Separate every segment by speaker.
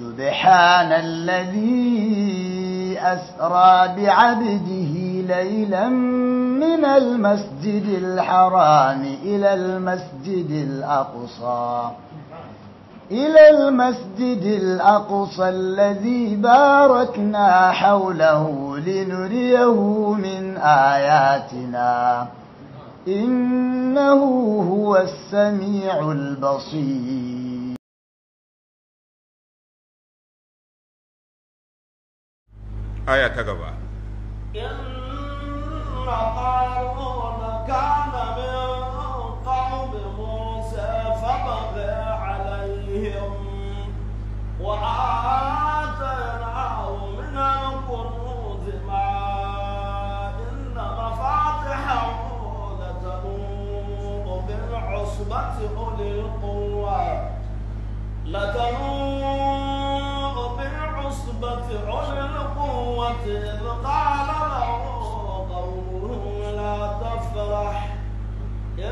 Speaker 1: سبحان الذي أسرى بعبده ليلا من المسجد الحرام إلى المسجد الأقصى إلى المسجد الأقصى الذي باركنا حوله لنريه من آياتنا إنه
Speaker 2: هو السميع البصير aya ta gaba
Speaker 1: وآتيناه من الكنوز ما إن مفاتحه لتنوء بالعصبة أولي القوة لتنوء إذ قال له قومه لا تفرح إن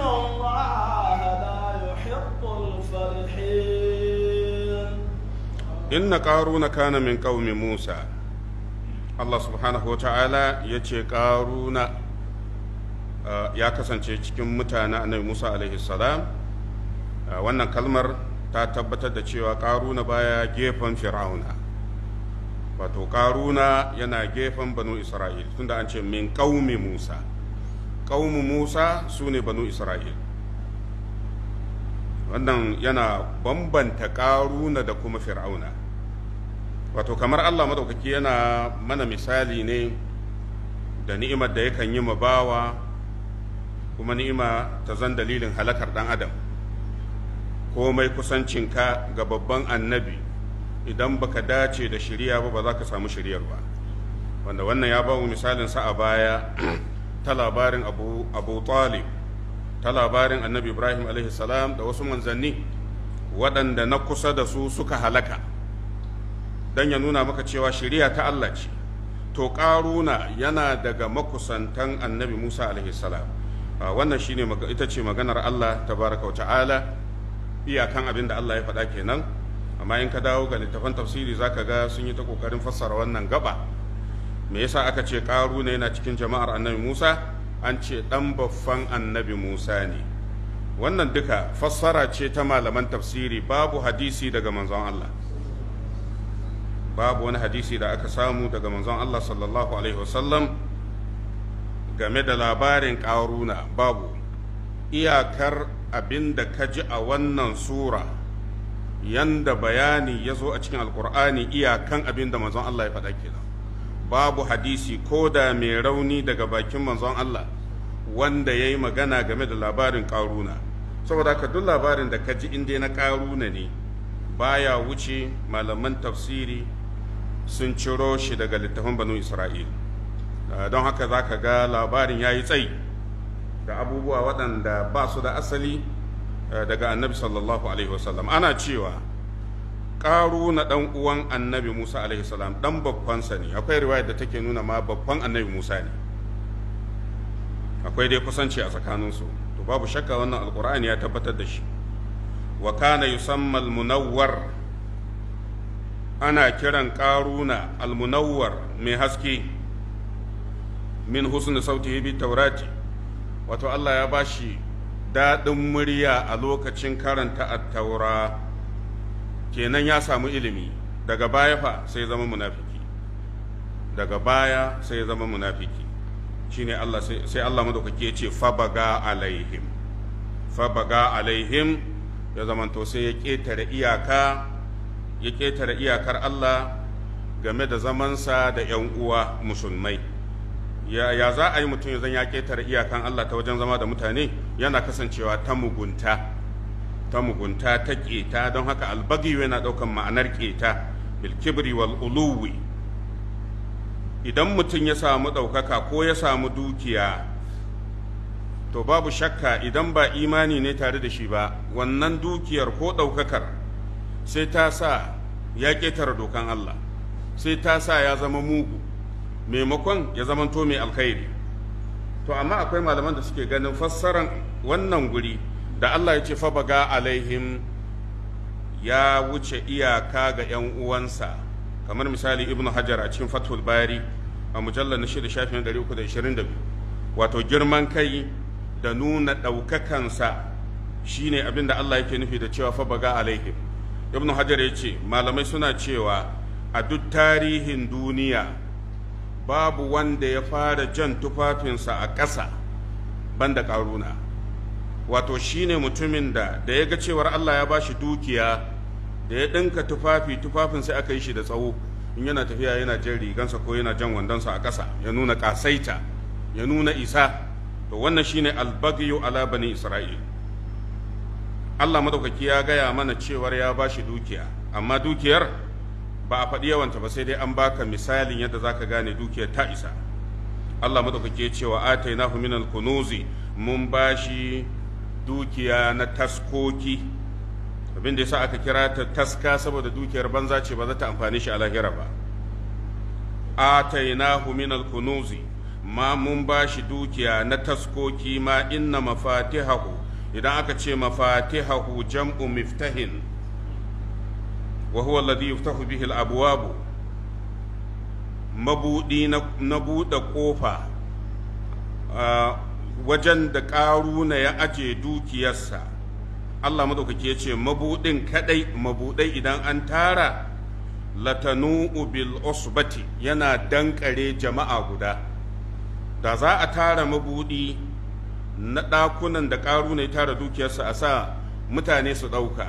Speaker 2: الله لا يحب الفرحين إن قارون كان من قوم موسى Allah subhanahu wa ta'ala ya ce ƙaruna uh, ya kasance cikin mutane annabi Musa alaihi salam uh, wannan kalmar ta tabbatar da cewa ƙaruna baya gefen fir'auna wato ƙaruna yana gefen banu isra'il tunda an ce min ƙaumi musa ƙaumi musa su ne banu isra'il wannan yana bambanta ƙaruna da kuma fir'auna wato kamar allah maɗaukaki yana mana misali ne da ni'imar da yakan yi bawa kuma ni'ima ta zan dalilin halakar dan adam komai kusancinka ga babban annabi idan baka dace da shiriya ba ba za ka samu shiriyar ba wanda wannan ya ba mu misalin sa a baya ta labarin abu abu talib ta labarin annabi ibrahim alaihi da wasu manzanni waɗanda na kusa da su suka halaka Dan ya nuna maka cewa shiriya ta allah ce to ƙaruna yana daga makusantan annabi musa alaihi salam wannan shine ita ce maganar allah ta baraka ta'ala iyakan abin da allah ya faɗa kenan amma in ka dawo ga littafan tafsiri za ka ga sun yi ta kokarin fassara wannan gaba me yasa aka ce karu ne yana cikin jama'ar annabi musa an ce dan baffan annabi musa ne wannan duka fassara ce ta malaman tafsiri babu hadisi daga manzon allah babu wani hadisi da aka samu daga manzon allah sallallahu alaihi wasallam game da labarin karuna babu iyakar abinda ka ji a wannan sura yanda bayani ya zo a cikin alkur'ani iyakan abin da manzon Allah ya faɗa kenan babu hadisi ko da mai rauni daga bakin manzon Allah wanda ya yi magana game da labarin karuna saboda ka duk labarin da ka ji inda na karuna ne baya wuce malaman tafsiri sun ciro shi daga littafin banu isra'il ah, don haka za ka ga labarin ya yi tsayi da abubuwa waɗanda ba su da asali Eh, daga annabi sallallahu alaihi wasallam ana cewa na dan uwan annabi Musa alaihi salam dan sa ne akwai riwayar da take nuna ma babban annabi Musa ne akwai dai kusanci a tsakaninsu to babu shakka wannan alqur'ani ya tabbatar da shi wa kana yusamma almunawwar ana kiran qaruna almunawwar mai haske min husn sautihi bi taurati wato Allah ya bashi daɗin murya a lokacin karanta attaura kenan ya samu ilimi daga baya fa sai zama munafiki daga baya sai zama munafiki shine Allah sai Allah madaukake ya ce fabaga alaihim fabaga alaihim ya to sai ya ƙetare iyaka ya ƙetare iyakar Allah game da zamansa da 'yan uwa musulmai ya za a yi mutum ya zan ya ƙetare iyakan Allah ta wajen zama da mutane yana kasancewa ta mugunta ta mugunta ta keta don haka albagi yana ɗaukan ma'anar keta bilkibri wal uluwi idan mutum ya samu ɗaukaka ko ya samu dukiya to babu shakka idan ba imani ne tare da shi ba wannan dukiyar ko ɗaukakar sai ta sa ya ƙetare dokan Allah sai ta sa ya zama mugu maimakon ya zamanto mai alkhairi to amma akwai malaman da suke ganin fassaran wannan guri da Allah ya ce fa baga alaihim ya wuce iyaka ga yan uwansa kamar misali ibn hajar a cikin fathul bari a mujallar na shida shafin 322 wato girman kai da nuna ɗaukakansa shine abin da Allah yake nufi da cewa fa baga alaihim ibn hajar ya ce malamai suna cewa a duk tarihin duniya babu wanda ya fara jan tufafinsa a ƙasa banda ƙaruna wato shine mutumin da da ya ga cewar Allah ya bashi dukiya da ya ɗinka tufafi tufafin sai aka yi shi da tsawo in yana tafiya yana jan rigansa ko yana jan wandonsa a ƙasa ya nuna ƙasaita ya nuna isa to wannan shine albagyu ala bani isra'il Allah madaukaki ya gaya mana cewar ya bashi dukiya amma dukiyar ba a faɗi yawanta ba sai dai an baka misalin yadda za ka gane dukiyar ta isa Allah kake cewa atainahu minal kunuzi mun bashi dukiya na taskoki abin da sa aka kira ta taska saboda dukiyar banza ce ba za ta amfani shi a lahira ba atainahu minal kunuzi ma mun bashi dukiya na taskoki ma inna mafatihahu idan aka ce mafatihahu jam'u miftahin wa huwa alladhi yuftahu bihi al-abwab mabudi na buɗe kofa wajen da ƙaruna ya aje dukiyarsa Allah madaukaki yace ce mabudin kadai mabudai idan an tara latanu'u bil usbati yana dankare jama'a guda da za a tara mabudi na ɗakunan da ƙaruna ya tara dukiyarsa a sa mutane su ɗauka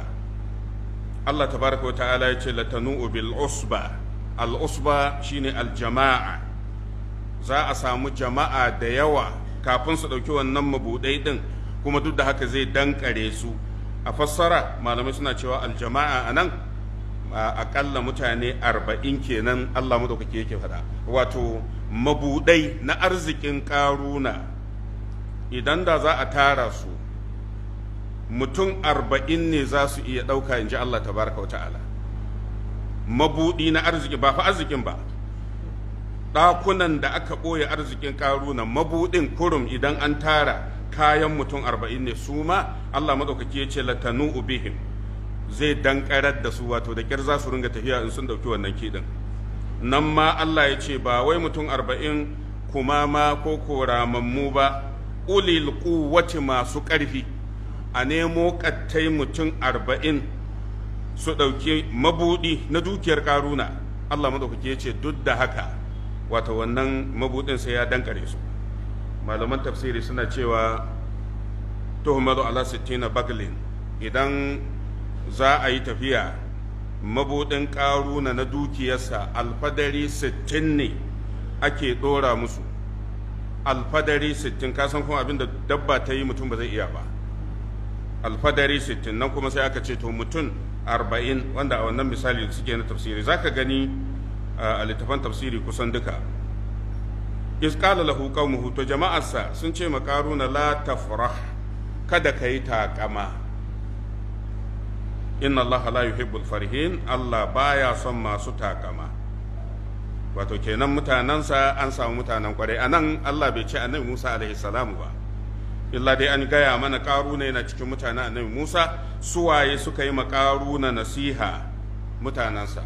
Speaker 2: Allah ta wa ta'ala ya ce latanu'u bil usba al usba shine al jama'a za a samu jama'a da yawa kafin su ɗauki wannan mabuɗai ɗin kuma duk da haka zai dankare su a fassara malamai suna cewa al jama'a A akalla mutane arba'in kenan Allah madaukake yake faɗa wato mabuɗai na arzikin ƙaruna idan da za a tara su mutum arba'in ne za su iya ɗauka in ji Allah ta baraka wata'ala mabuɗi na arziki ba fa arzikin ba ɗakunan da aka ɓoye arzikin ƙaruna mabuɗin kurum idan an tara kayan mutum arba'in ne su ma Allah maɗaukaki ya ce latanu ubihim zai dankarar da su wato da ƙyar za su ringa tafiya in sun ɗauki wannan kiɗin nan ma Allah ya ce ba wai mutum arba'in kuma ma ko koramammu ba ulil kuwati masu ƙarfi a nemo kattai mutum arba'in su ɗauki mabuɗi na dukiyar karuna allah maɗaukaki ya ce duk da haka wata wannan mabuɗin sai ya dankare su malaman tafsiri suna cewa tuhmaru ala sittina baglin idan za a yi tafiya mabuɗin ƙaruna na dukiyarsa alfadari sittin ne ake ɗora musu alfadari sittin kasan kuma abinda dabba ta yi mutum ba zai iya ba alfadari sittin nan kuma sai aka ce to mutum arba'in wanda a wannan misali suke na tafsiri zaka gani a littafan tafsiri kusan duka Iska qala lahu qaumuhu to jama'arsa sun ce makaruna la tafrah kada kai takama inna allaha la yuhibbul farihin allah baya son masu takama wato kenan mutanansa an samu mutanen kwarai anan allah bai ce annabi musa alaihi salamu ba illa dai an gaya mana karuna yana cikin mutanen annabi musa suwaye suka yi makaruna nasiha mutanensa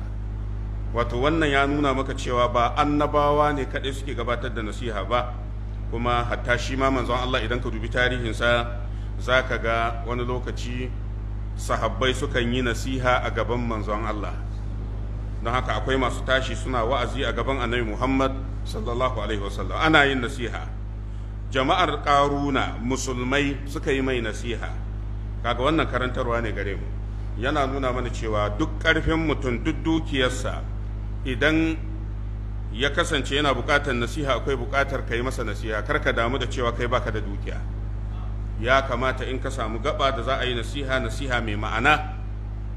Speaker 2: wato wannan ya nuna maka cewa ba annabawa ne kaɗai suke gabatar da nasiha ba kuma hatta shi ma manzon allah idan ka dubi tarihinsa za ka ga wani lokaci sahabbai sukan yi nasiha a gaban manzon allah don haka akwai masu tashi suna wa'azi a gaban annabi muhammad sallallahu alaihi wasallam ana yin nasiha jama'ar ƙaruna musulmai suka yi mai nasiha kaga wannan karantarwa ne gare mu yana nuna mana cewa duk ƙarfin mutum duk dukiyarsa idan ya kasance yana buƙatar nasiha akwai buƙatar ka yi masa nasiha kar ka damu da cewa kai baka da dukiya ya kamata in ka samu gaba da za a yi nasiha nasiha mai ma'ana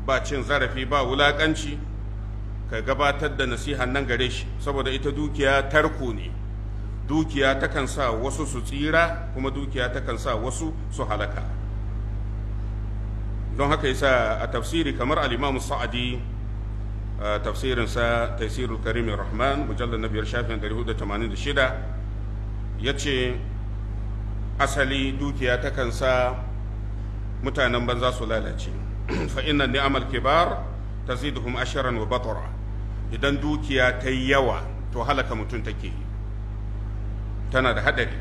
Speaker 2: ba cin zarafi ba wulaƙanci ka gabatar da nasiha nan gare shi saboda ita dukiya tarko ne dukiya takan sa wasu su tsira kuma dukiya takan sa wasu su halaka don haka yasa a tafsiri kamar al-Imam Sa'di tafsirinsa Taysirul Karim Rahman mujallal na biyar shafin 486 yace asali dukiya takan sa mutanen banza su lalace fa inna ni'amal kibar taziduhum asharan wa batara idan dukiya ta yawa to halaka mutum take yi tana da hadari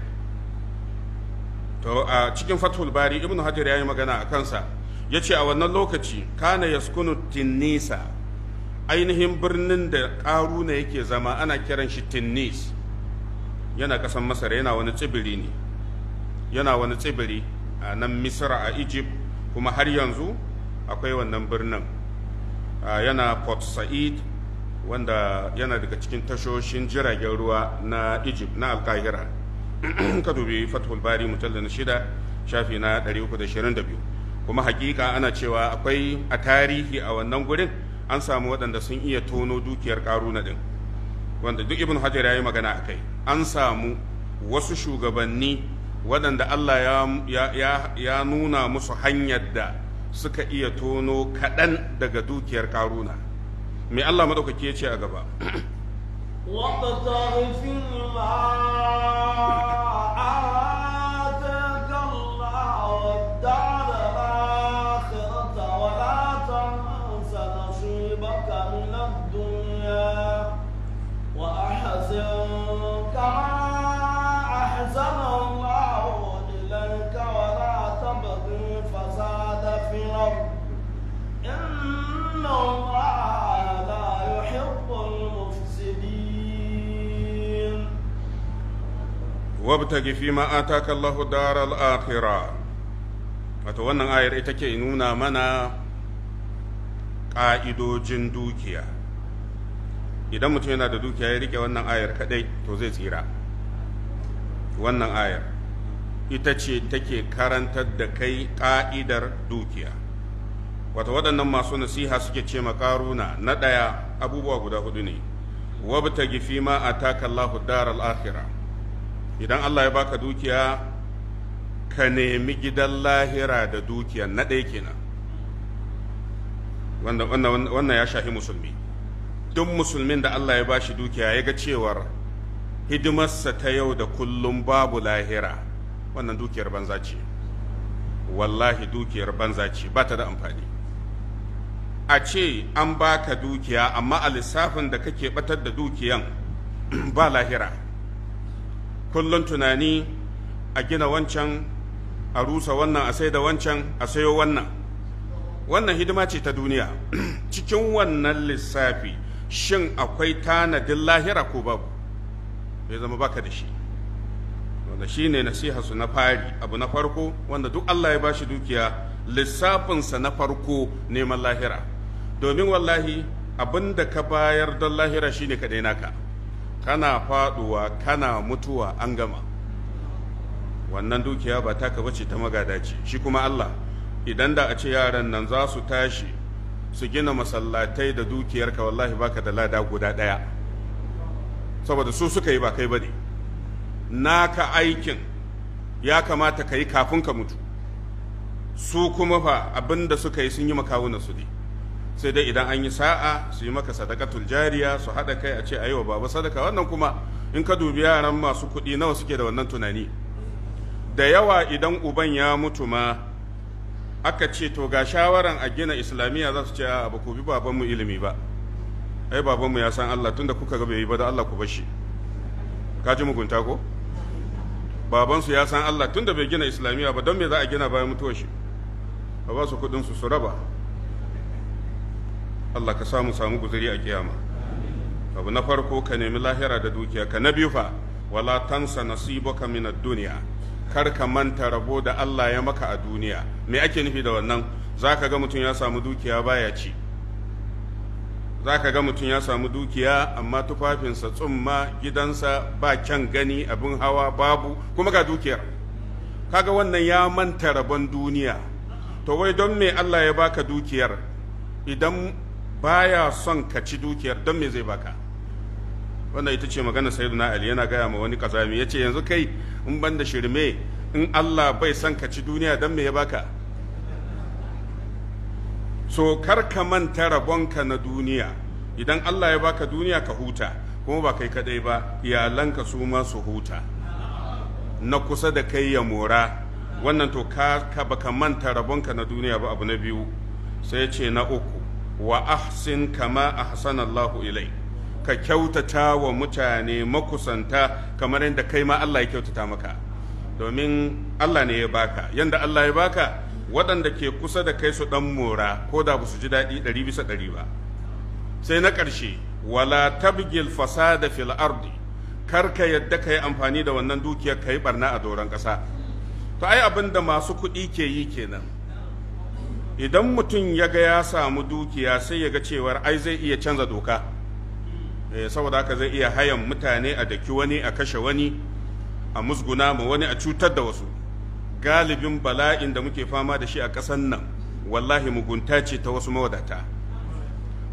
Speaker 2: to a cikin fathul bari ibnu hajar yayi magana a kansa ya ce a wannan lokaci kana yaskunu tinnisa ainihin birnin da ƙaruna yake zama ana kiran shi tinnis yana ƙasan masar yana wani tsibiri ne yana wani tsibiri a nan misra a egypt kuma har yanzu akwai wannan birnin yana port said wanda yana daga cikin tashoshin jiragen ruwa na egypt na alkahira ka dubi fathul bari mujallar na shida shafi na 322 kuma hakika ana cewa akwai a tarihi a wannan gurin an samu waɗanda sun iya tono dukiyar karuna din wanda duk ibn hajar ya yi magana a kai an samu wasu shugabanni waɗanda allah ya nuna musu hanyar da suka iya tono kaɗan daga dukiyar karuna mai Allah madaukaki ya a gaba
Speaker 1: وابتغ الله الدار الآخرة ولا تنس نصيبك من الدنيا الله إليك ولا تبغي
Speaker 2: wabtagi fi ma ataka Allahu daral akhirah wato wannan ayar ita ke nuna mana ƙa'idojin dukiya idan mutum yana da dukiya ya rike wannan ayar kadai to zai tsira wannan ayar ita ce take karantar da kai ƙa'idar dukiya wata waɗannan masu nasiha suke ce makaruna na ɗaya abubuwa guda hudu ne wabtagi fi ma ataka Allahu daral akhirah idan Allah ya baka dukiya ka nemi gidan lahira da dukiya na ɗaya kenan wannan ya shafi musulmi duk musulmin da Allah ya ba shi dukiya ya ga cewar hidimarsa ta yau da kullum babu lahira wannan dukiyar banza ce wallahi dukiyar banza ce ba ta da amfani a ce an baka dukiya amma a lissafin da kake batar da dukiyan ba lahira Kullum tunani a gina wancan a rusa wannan a sai da wancan a sayo wannan wannan hidima ce ta duniya cikin wannan lissafi shin akwai tanadin lahira ko babu bai zama baka da shi wanda shi ne su na fari abu na farko wanda duk Allah ya bashi dukiya lissafinsa na farko neman lahira domin wallahi abin da ka bayar don lahira shine kaɗai naka kana faduwa kana mutuwa an gama wannan dukiya ba taka bace ta magada ce shi kuma Allah idan da a ce yaran nan za su tashi su gina masallatai da dukiyarka wallahi baka da lada guda daya saboda su suka yi ba kai bane naka aikin ya kamata ka yi kafin ka mutu su kuma fa abinda suka yi sun yi makawunan su ne sai dai idan an yi sa'a su yi maka sadakatul jariya su haɗa kai a ce a yi wa baba sadaka wannan kuma in ka dubi yaran masu kuɗi nawa suke da wannan tunani da yawa idan uban ya mutu ma aka ce to ga shawaran a gina islamiyya za su ce a ba ku bi babanmu ilimi ba ai babanmu ya san Allah tunda kuka ga bai yi ba da Allah ku bashi ka ji mugunta ko babansu ya san Allah tunda bai gina islamiyya ba don me za a gina bayan mutuwar shi ba ba su kudin su su raba Allah ka samu samu guzuri a kiyama abu na farko ka nemi lahira da dukiya ka na biyu fa wala tansa nasibaka min ad-dunya kar ka manta rabo da Allah ya maka a duniya me ake nufi da wannan zaka ga mutum ya samu dukiya baya ci zaka ga mutum ya samu dukiya amma tufafinsa tsumma gidansa ba kyan gani abin hawa babu kuma ga dukiyar kaga wannan ya manta rabon duniya to wai don me Allah ya baka dukiyar idan baya son ka ci dukiyar don me zai baka wannan ita ce magana na ali yana gaya ma wani kazami ya ce yanzu kai in ban da shirme in allah bai son ka ci duniya don me ya baka so kar ka manta rabonka na duniya idan allah ya baka duniya ka huta kuma ba kai kadai ba iyalanka su ma huta na kusa da kai ya mora wannan to ka baka manta rabonka na duniya ba abu na biyu sai ce na uku wa ahsin kama ahsana Allahu ilai ka kyautata wa mutane makusanta kamar yadda kai ma Allah ya kyautata maka domin Allah ne ya baka yadda Allah ya baka waɗanda ke kusa da kai su ɗan mora ko da su ji daɗi ɗari bisa ɗari ba sai na ƙarshe wala tabgil fasada fil ardi kar ka yadda ka yi amfani da wannan dukiyar ka yi barna a doron ƙasa to ai abin da masu kuɗi ke yi kenan idan mutum ya ga ya samu dukiya sai ya ga cewar ai zai iya canza doka eh, saboda haka zai iya hayan mutane a daki wani a kashe wani a musguna ma wani a cutar da wasu galibin bala'in da muke fama da shi a ƙasan nan wallahi mugunta ce ta wasu mawadata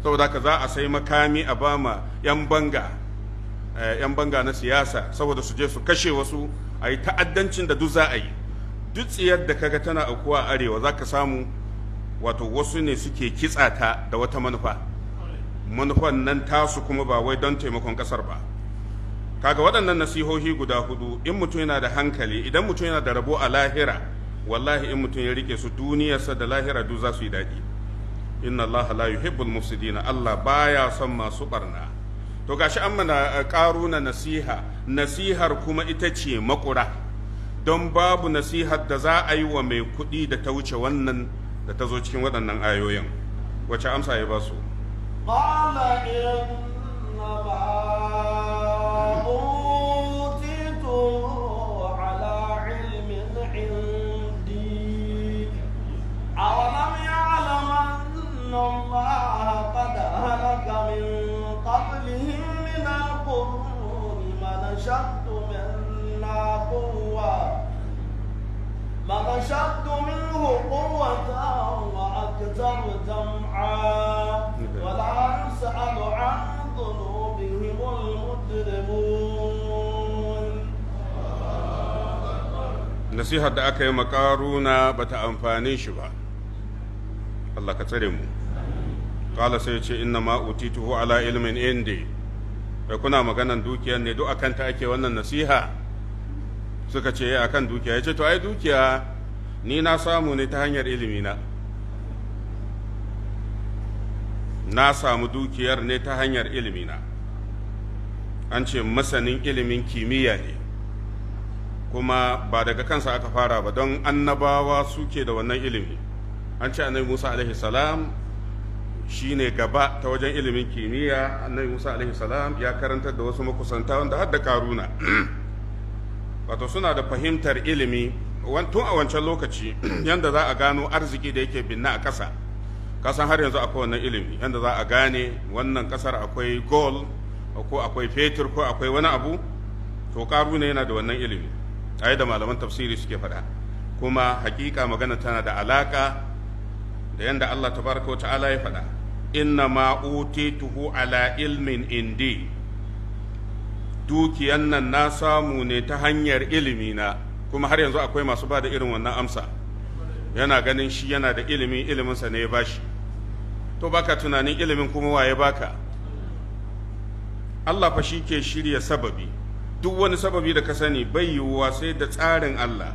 Speaker 2: saboda haka za a sai makami a bama 'yan banga eh, 'yan banga na siyasa saboda su je su kashe wasu a yi ta'addancin da duk za a yi duk tsiyar da kaga tana aukuwa arewa za ka samu wato wasu ne suke kitsata da wata manufa manufan nan tasu kuma ba wai don taimakon kasar ba kaga waɗannan nasihohi guda hudu in mutum yana da hankali idan mutum yana da rabo a lahira wallahi in mutum ya rike su duniyarsa da lahira duk za su yi daɗi inna allaha la yuhibbul mufsidina allah baya son masu barna to gashi an mana eh, na nasiha nasihar kuma ita ce makura don babu nasihar da za a yi wa mai kuɗi da ta wuce wannan da ta zo cikin waɗannan ayoyin wacce amsa ya ba su inna
Speaker 1: أشد منه قوة وأكثر جمعا ولا يسأل عن ذنوبهم المجرمون
Speaker 2: نصيحة da aka yi makaruna bata amfane shi ba Allah ka tsare mu kala sai ce kuna maganan dukiyar ne duk akan ta ake wannan nasiha suka ce akan dukiya ya ce to ai dukiya ni na samu ne ta hanyar ilimina na samu dukiyar ne ta hanyar ilimina an ce masanin ilimin kimiyya ne kuma ba daga kansa aka fara ba don annabawa suke da wannan ilimi an ce annabi musa alaihi salam shi ne gaba ta wajen ilimin kimiyya annabi musa alaihi salam ya karantar da wasu makusanta wanda har da karuna wato suna da fahimtar ilimi tun a wancan lokaci yanda za a gano arziki da yake binna a kasa kasan har yanzu akwai wannan ilimi yanda za a gane wannan kasar akwai gold ko akwai fetur ko akwai wani abu to karu ne yana da wannan ilimi a da malaman tafsiri suke faɗa kuma hakika magana tana da alaka da yanda Allah tabaraka wa ta'ala ya faɗa inna ma utituhu ala ilmin indi dukiyan nan na samu ne ta hanyar ilimi na kuma har yanzu akwai masu ba da irin wannan amsa yana ganin shi yana da ilimi iliminsa ne ya bashi to baka tunanin ilimin kuma waye baka Allah fa shi ke shirya sababi duk wani sababi da ka sani bai yiwuwa sai da tsarin Allah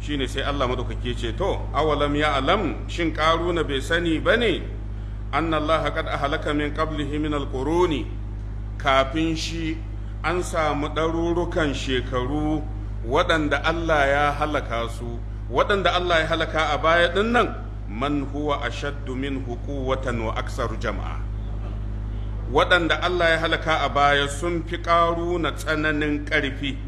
Speaker 2: Shi ne sai Allah madaukake ce to awalam ya alam shin karuna bai sani bane anna Allah kad ahlaka min qablihi min alquruni kafin shi an samu ɗarurrukan shekaru waɗanda Allah ya halaka su waɗanda Allah ya halaka a baya ɗin nan man huwa ashaddu wa aksaru jama'a waɗanda Allah ya halaka a baya sun fi ƙaru na tsananin ƙarfi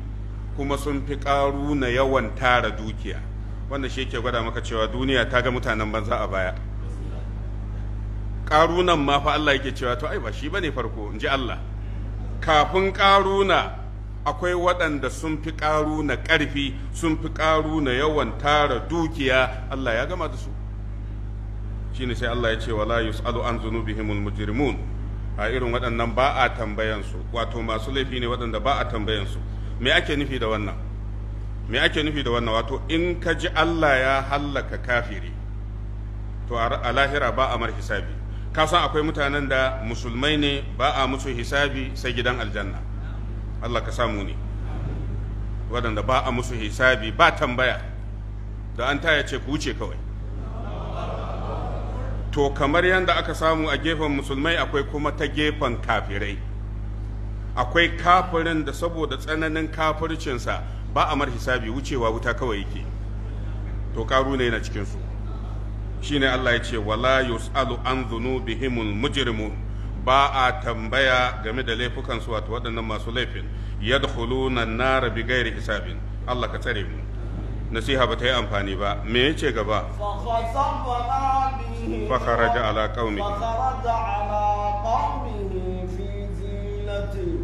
Speaker 2: kuma sun fi ƙaru na yawan tara dukiya wanda shi ke gwada maka cewa duniya ta ga mutanen banza a baya ƙarunan ma fa Allah yake cewa to ai ba shi bane farko in ji Allah kafin ƙaruna akwai waɗanda sun fi ƙaru na ƙarfi sun fi ƙaru na yawan tara dukiya Allah ya gama da su shine sai Allah ya ce wala yus'alu an zunubihimul mujrimun a irin waɗannan ba a tambayan su wato masu laifi ne waɗanda ba a tambayan su me ake nufi da wannan me ake nufi da wannan wato in ka ji Allah ya hallaka kafiri to a lahira ba a mar hisabi ka san akwai mutanen da musulmai ne ba a musu hisabi sai gidan aljanna Allah ka samu ne waɗanda ba a musu hisabi ba tambaya da an taya ce ku wuce kawai to kamar yadda aka samu a gefen musulmai akwai kuma ta gefen kafirai akwai kafirin da saboda tsananin kafircinsa ba a mar hisabi wucewa wuta kawai yake to karu ne na cikinsu shine Allah ya ce wala yus'alu an dhunubihimul mujrimun ba a tambaya game da laifukansu wato waɗannan masu laifin ya na nara bi gairi hisabin Allah ka tsare mu nasiha ba ta yi amfani ba me ce gaba
Speaker 1: fa kharaja ala qaumi fa kharaja ala qaumi fi zillati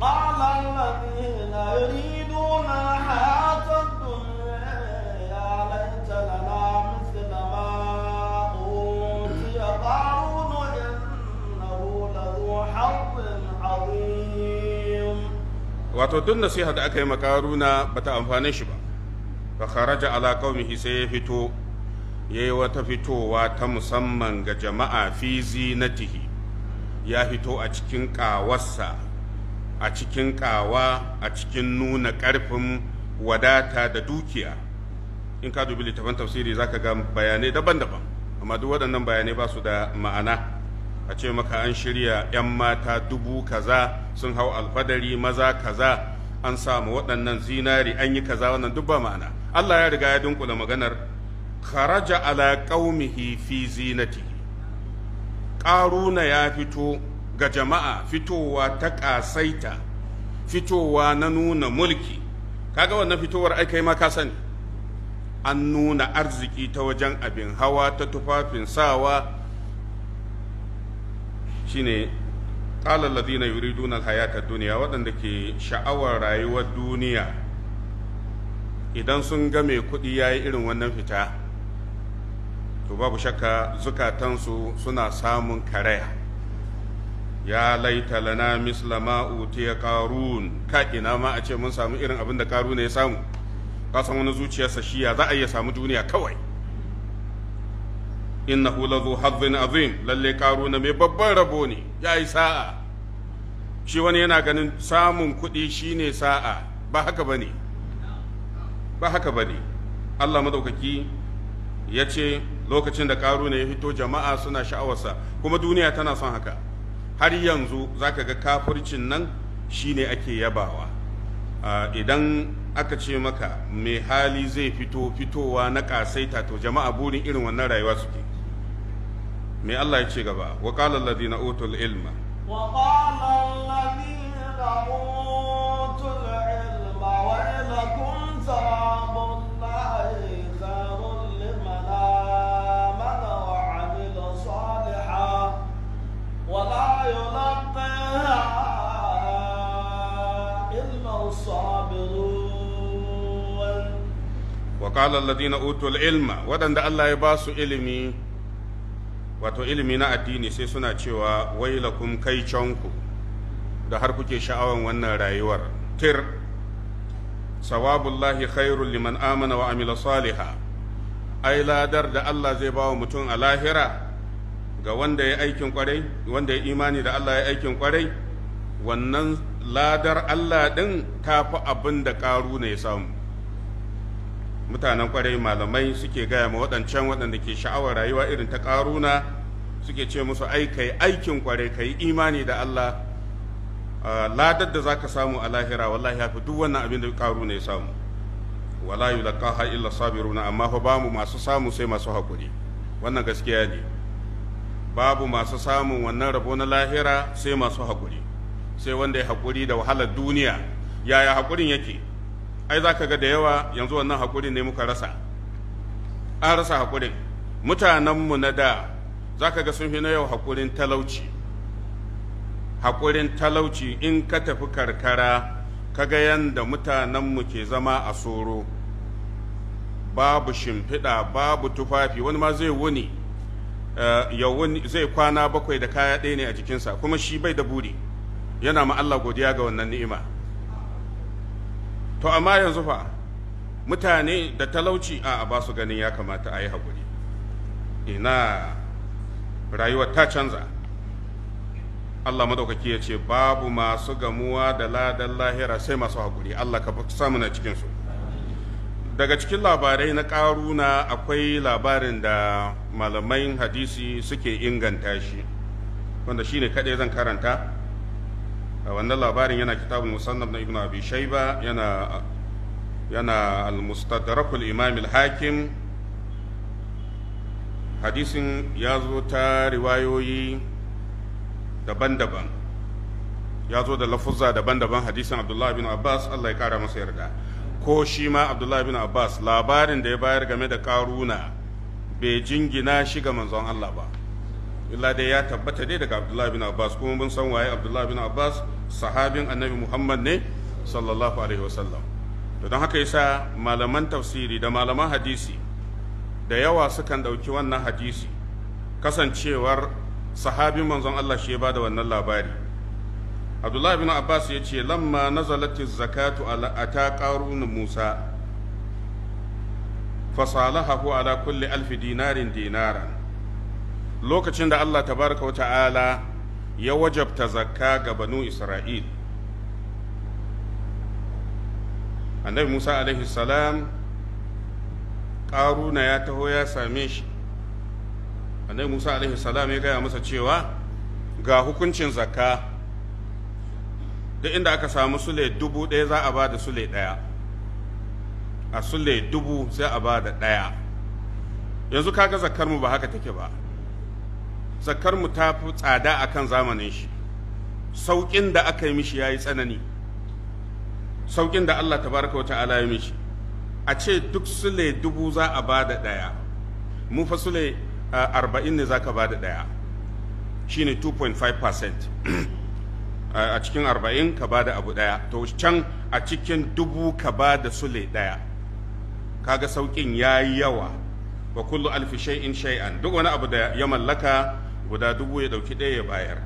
Speaker 1: qala alladhina yuriduna hayata
Speaker 2: wato duk nasiha da aka yi makaruna ta amfane shi ba fa kharaja ala qaumihi sai ya fito yayi wata fitowa ta musamman ga jama'a fi zinatihi ya fito a cikin ƙawarsa a cikin kawa a cikin nuna karfin wadata da dukiya in ka dubi littafin tafsiri zaka ga bayanai daban-daban amma duk waɗannan bayanai ba su da ma'ana a ce maka an shirya 'yan mata dubu kaza sun hau alfadari maza kaza an samu waɗannan zinari an yi kaza wannan duk ma'ana Allah ya riga ya dunkula maganar Karaja ala qaumihi fi zinati ƙaruna ya fito ga jama'a fitowa ta ƙasaita fitowa na nuna mulki kaga wannan fitowar ai kai ma sani an nuna arziki ta wajen abin hawa ta tufafin sawa shine qala na yuriduna alhayata ad-dunya waɗanda ke sha'awar rayuwar duniya idan sun ga mai kuɗi yayi irin wannan fita to babu shakka zukatansu suna samun karaya ya laita lana misla utiya qarun ka ina ma a ce mun samu irin abin da qarun ya samu kasan wani zuciyarsa shi ya za a iya samu duniya kawai innahu lazu hazzin azim lalle karuna mai babban rabo ne yayi sa'a shi wani yana ganin samun kuɗi shine sa'a ba haka bane ba haka bane Allah madaukaki ya ce lokacin da karuna ya fito jama'a suna sha'awarsa kuma duniya tana son haka har yanzu zaka ga kafircin nan shine ake yabawa idan aka ce maka mai hali zai fito fitowa na kasaita to jama'a burin irin wannan rayuwa suke me Allah ya ce gaba wa qala alladhina utul ilma wa qala alladhina
Speaker 1: utul ilma wa lakum thawabun ولا يلقيها إلا الصابرون
Speaker 2: وقال الذين ilma العلم allah الله يباسوا ilimi. wato ilimi na addini sai suna cewa wailakum kai canku da har kuke sha'awan wannan rayuwar tir sawabullahi khairul liman amana wa amila saliha ai ladar da Allah zai bawa mutum a lahira ga wanda ya aikin kwarai wanda ya imani da Allah ya aikin kwarai wannan ladar Allah din tafi abin da karu ne ya samu mutanen kwarai malamai suke gaya ma waɗancan waɗanda ke sha'awar rayuwa irin ta ƙaruna suke ce musu aikai aikin kwarai kai imani da Allah ladar da ka samu a lahira wallahi fi duk wannan abin da ƙaruna ya samu wala yulqaha illa sabiruna amma fa bamu masu samu sai masu haƙuri wannan gaskiya ne babu masu samun wannan rabo na lahira sai masu haƙuri sai wanda ya haƙuri da wahalar duniya yaya hakurin yake ai za ka ga da yawa yanzu wannan haƙuri ne muka rasa an rasa haƙurin mutanenmu na da za ka ga sun fi na yau haƙurin talauci hakurin talauci in ka tafi karkara ka ga yadda mutanenmu ke zama a soro babu shimfiɗa babu tufafi wani ma zai eh, wuni zai kwana bakwai da kaya ɗaya ne a jikinsa kuma shi bai da buri yana ma Allah godiya ga wannan ni'ima to amma yanzu fa mutane da talauci a ba su ganin ya kamata a yi haƙuri ina rayuwar ta canza Allah madaukaki ya ce babu masu gamuwa da ladan lahira sai masu haƙuri Allah ka samu na cikinsu daga cikin labarai na ƙaruna akwai labarin da malamai hadisi suke inganta shi wanda shine kaɗai zan karanta wannan labarin yana kitabul musannaf na ibnu abi shayba yana yana al-mustadrak imam al-hakim hadisin ya zo ta riwayoyi daban-daban ya zo da lafuzza daban-daban hadisin abdullahi bin abbas allah ya kara masa yarda ko shi ma abdullahi bin abbas labarin da ya bayar game da karuna bai jingina shi ga manzon allah ba illa dai ya tabbata dai daga abdullahi bin abbas kuma mun san waye abdullahi bin abbas sahabin annabi muhammad ne sallallahu alaihi wasallam to don haka yasa malaman tafsiri da malaman hadisi da yawa sukan ɗauki wannan hadisi kasancewar sahabin manzon Allah shi ya bada wannan labari abdullahi bin abbas ya ce lamma nazalati zakatu ala ata qarun musa fasalahahu ala kulli alfi dinarin dinaran lokacin da Allah tabaraka wa ta'ala ya wajabta zakka ga banu isra'il annabi musa alaihi salam ƙaruna ya taho ya same shi annabi musa alaihi salam ya gaya masa cewa ga hukuncin zakka duk inda aka samu sule dubu ɗaya za a ba da sule ɗaya a sule dubu sai a ba da ɗaya yanzu kaga zakkar mu ba haka take ba zakar mu ta fi tsada akan zamanin shi saukin da aka yi mishi ya yi tsanani saukin da Allah Ta wata wata'ala ya mishi a ce duk sule dubu za a ba da ɗaya mu fa sule eh, arba'in ne za ka ba da ɗaya shi ne 2.5% a cikin arba'in ka ba da abu ɗaya to can a cikin dubu ka ba da sule ɗaya kaga sauƙin ya yi yawa wa kullu alfi shay'in shay'an duk wani abu da ya mallaka guda dubu ya dauki ɗaya ya bayar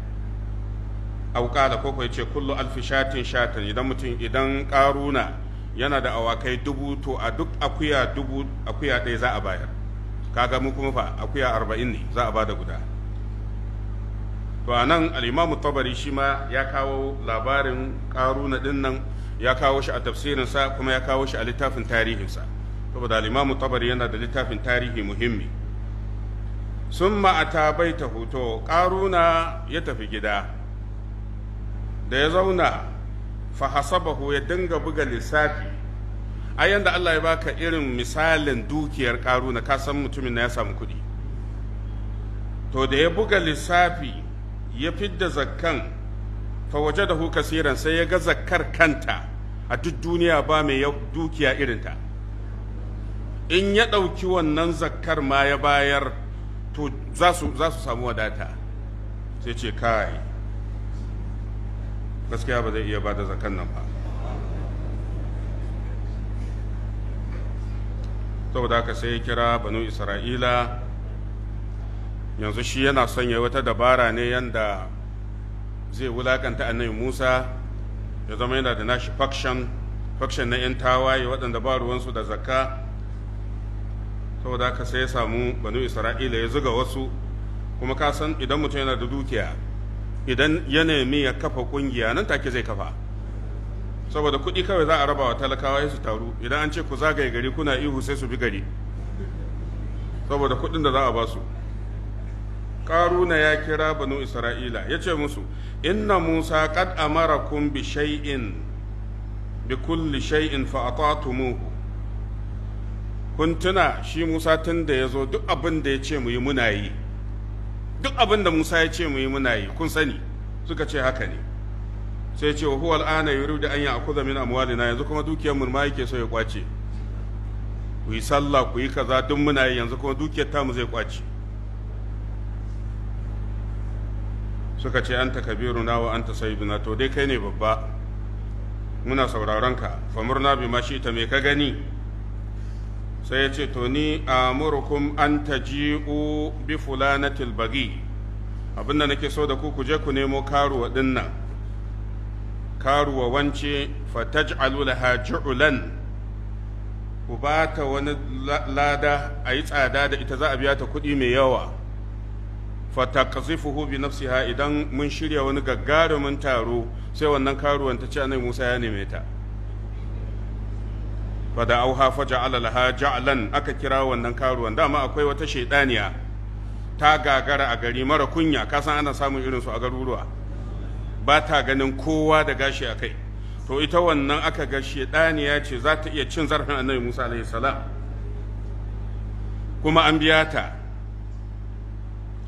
Speaker 2: auƙala ko ya ce kullu alfi shatin shatan idan mutum idan ƙaruna yana da awakai dubu to a duk akuya dubu akuya ɗaya za a bayar kaga mu kuma fa akuya arba'in ne za a bada guda to a nan al'imamu tabari shi ma ya kawo labarin ƙaruna ɗin nan ya kawo shi a tafsirinsa kuma ya kawo shi a littafin tarihinsa saboda al'imamu tabari yana da littafin tarihi muhimmi sun ma'ata bai ta hoto ƙaruna ya tafi gida da ya zauna fahasabahu ya dinga buga lissafi a yanda Allah ya baka irin misalin dukiyar ƙaruna ka san mutumin na ya samu kuɗi to da ya buga lissafi ya fidda zakkan waje da kasiran sai ya ga zakkar kanta a duk duniya ba mai dukiya irinta in ya ɗauki wannan zakkar ma ya bayar to za su samu wadata sai ce kai gaskiya ba zai iya ba da zakan nan ba saboda haka sai kira banu isra'ila yanzu shi yana son ya wata dabara ne yanda zai wulakanta annabi musa ya zama yana da nashi faction faction na 'yan tawaye waɗanda ba ruwansu da zakka saboda ka sai ya samu banu isra'ila ya zuga wasu kuma ka san idan mutum yana da dukiya idan ya nemi ya kafa kungiya nan take zai kafa saboda kuɗi kawai za a raba wa talakawa ya su taru idan an ce ku zagaye gari kuna ihu sai su bi gari saboda kuɗin da za a ba su ya kira banu isra'ila ya ce musu inna musa kad amarakum bi shay'in bi kulli shay'in fa ata'tumuhu kun tuna shi Musa tun da ya zo duk abin da ya ce mu yi muna yi duk abin da Musa ya ce mu yi muna yi kun sani suka ce haka ne sai ce huwa al'ana da an yi ya'khudha min amwalina yanzu kuma dukiyar mu ma yake so ya kwace ku yi sallah ku yi kaza duk muna yi yanzu kuma dukiyar ta mu zai kwace suka ce anta na wa anta sayyiduna to dai kai ne babba muna sauraron ka famurna bi ma shi ta me ka gani sai ya ce to ni murukun an ji'u bi fulanatil bagi abinda nake so da ku ku je ku nemo karuwa dinnan karuwa wance fataj'alu laha ju'lan ku ba ta wani lada a yi tsada da ita za a biya ta kuɗi mai yawa Hubi bi nafsiha idan mun shirya wani gagarumin taro sai wannan karuwan ta ce anai Musa ya neme ta fada auha faja'ala laha ja'lan aka kira wannan karuwan dama akwai wata shedaniya ta gagara a gari mara kunya ka san ana samun irin su a garuruwa ba ta ganin kowa da gashi a kai to ita wannan aka ga shedaniya ce za ta iya cin zarfin annabi Musa alaihi salam kuma an biya ta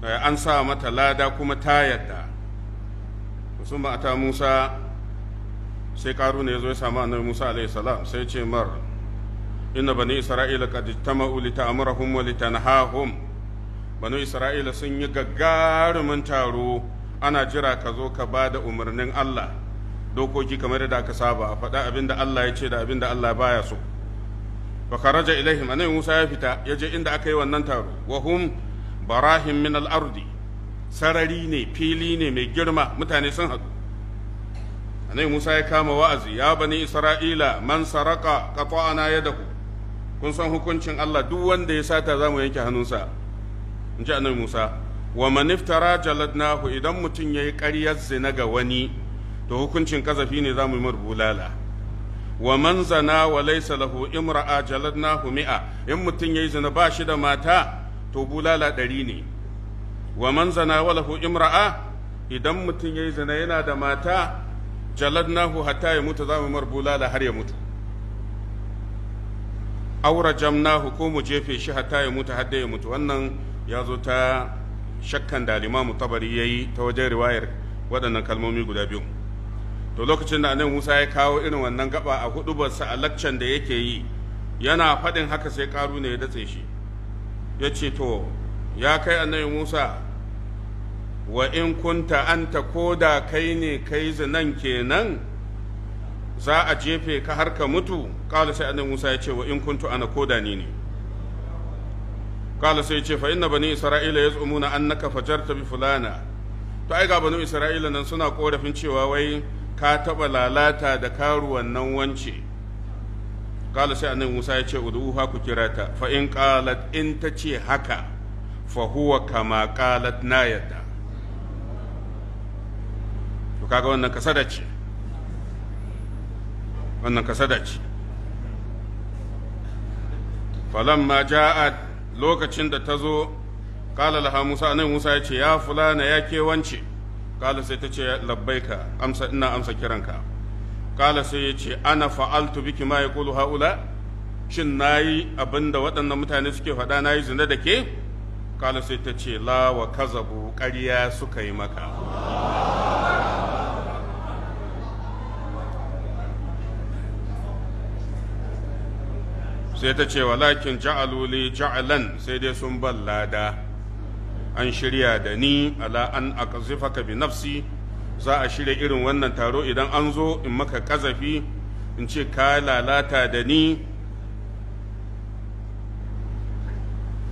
Speaker 2: eh, an sa mata lada kuma ta yadda musamman ata Musa sai karu ne ya zo ya samu annabi Musa alaihi salam sai ce mar inna bani isra'ila qad ijtama'u li ta'murahum wa li tanhahum bani isra'ila sun yi gagarumin taro ana jira ka zo ka ba da umarnin Allah dokoki kamar da aka saba a faɗa abin Allah ya ce da abin Allah baya so fa kharaja ilaihim annabi Musa ya fita ya inda aka yi wannan taro wa hum barahim min al-ardi sarari ne fili ne mai girma mutane sun haɗu annabi Musa ya kama wa'azi ya bani Isra'ila man saraka qata'ana yadahu kun san hukuncin Allah duk wanda ya sata za mu yanke hannunsa in ji annabi Musa wa man iftara jaladnahu idan mutum yayi ƙaryar zina ga wani to hukuncin kazafi ne za mu yi bulala wa man zana wa laysa lahu imra'a jaladnahu mi'a in mutum yayi zina ba shi da mata to bulala ɗari ne wa man zana wa lahu imra'a idan mutum yayi zina yana da mata jaladnahu hatta ya mutu za mu yi bulala har ya mutu aura jamna hukumu jefe shi hatta ya mutu hadda ya mutu wannan ya zo ta shakkan da limamu tabari ya yi ta wajen riwayar waɗannan kalmomi guda biyu to lokacin da annabi musa ya kawo irin wannan gaba a hudu hudubarsa a laccan da yake yi yana faɗin haka sai karu ne ya datse shi ya ce to ya kai annabi musa wa in kunta anta ko da kai ne kai zinan kenan za a jefe ka har ka mutu qala sai annabi Musa ya ce wa in kuntu ana koda ni ne qala sai ya ce fa inna bani isra'ila yaz'umuna annaka fajarta bi fulana to ai ga bani isra'ila nan suna korafin cewa wai ka taba lalata da karuwan nan wance qala sai annabi Musa ya ce ud'uha ku kirata fa in qalat in ta ce haka fa huwa kama qalat na yadda to kaga wannan kasada ce wannan kasada ce falamma ja'at lokacin da ta zo Kala laha musa nan musa ya ce ya fulana ya ke wance Kala sai ta ce labbaika amsa ina amsa kiranka Kala sai ya ce ana fa'altu biki ma ya kulu haula shin na nayi abinda waɗannan mutane suke faɗa na yi zina da ke Kala sai ta ce la wa kazabu ƙarya suka yi maka sai ta ce lakin ja'aluli ja'alan sai dai sun ban lada an shirya da ni ala an aqzifaka bi nafsi za a shirya irin wannan taro idan an zo in maka kazafi in ce ka lalata da ni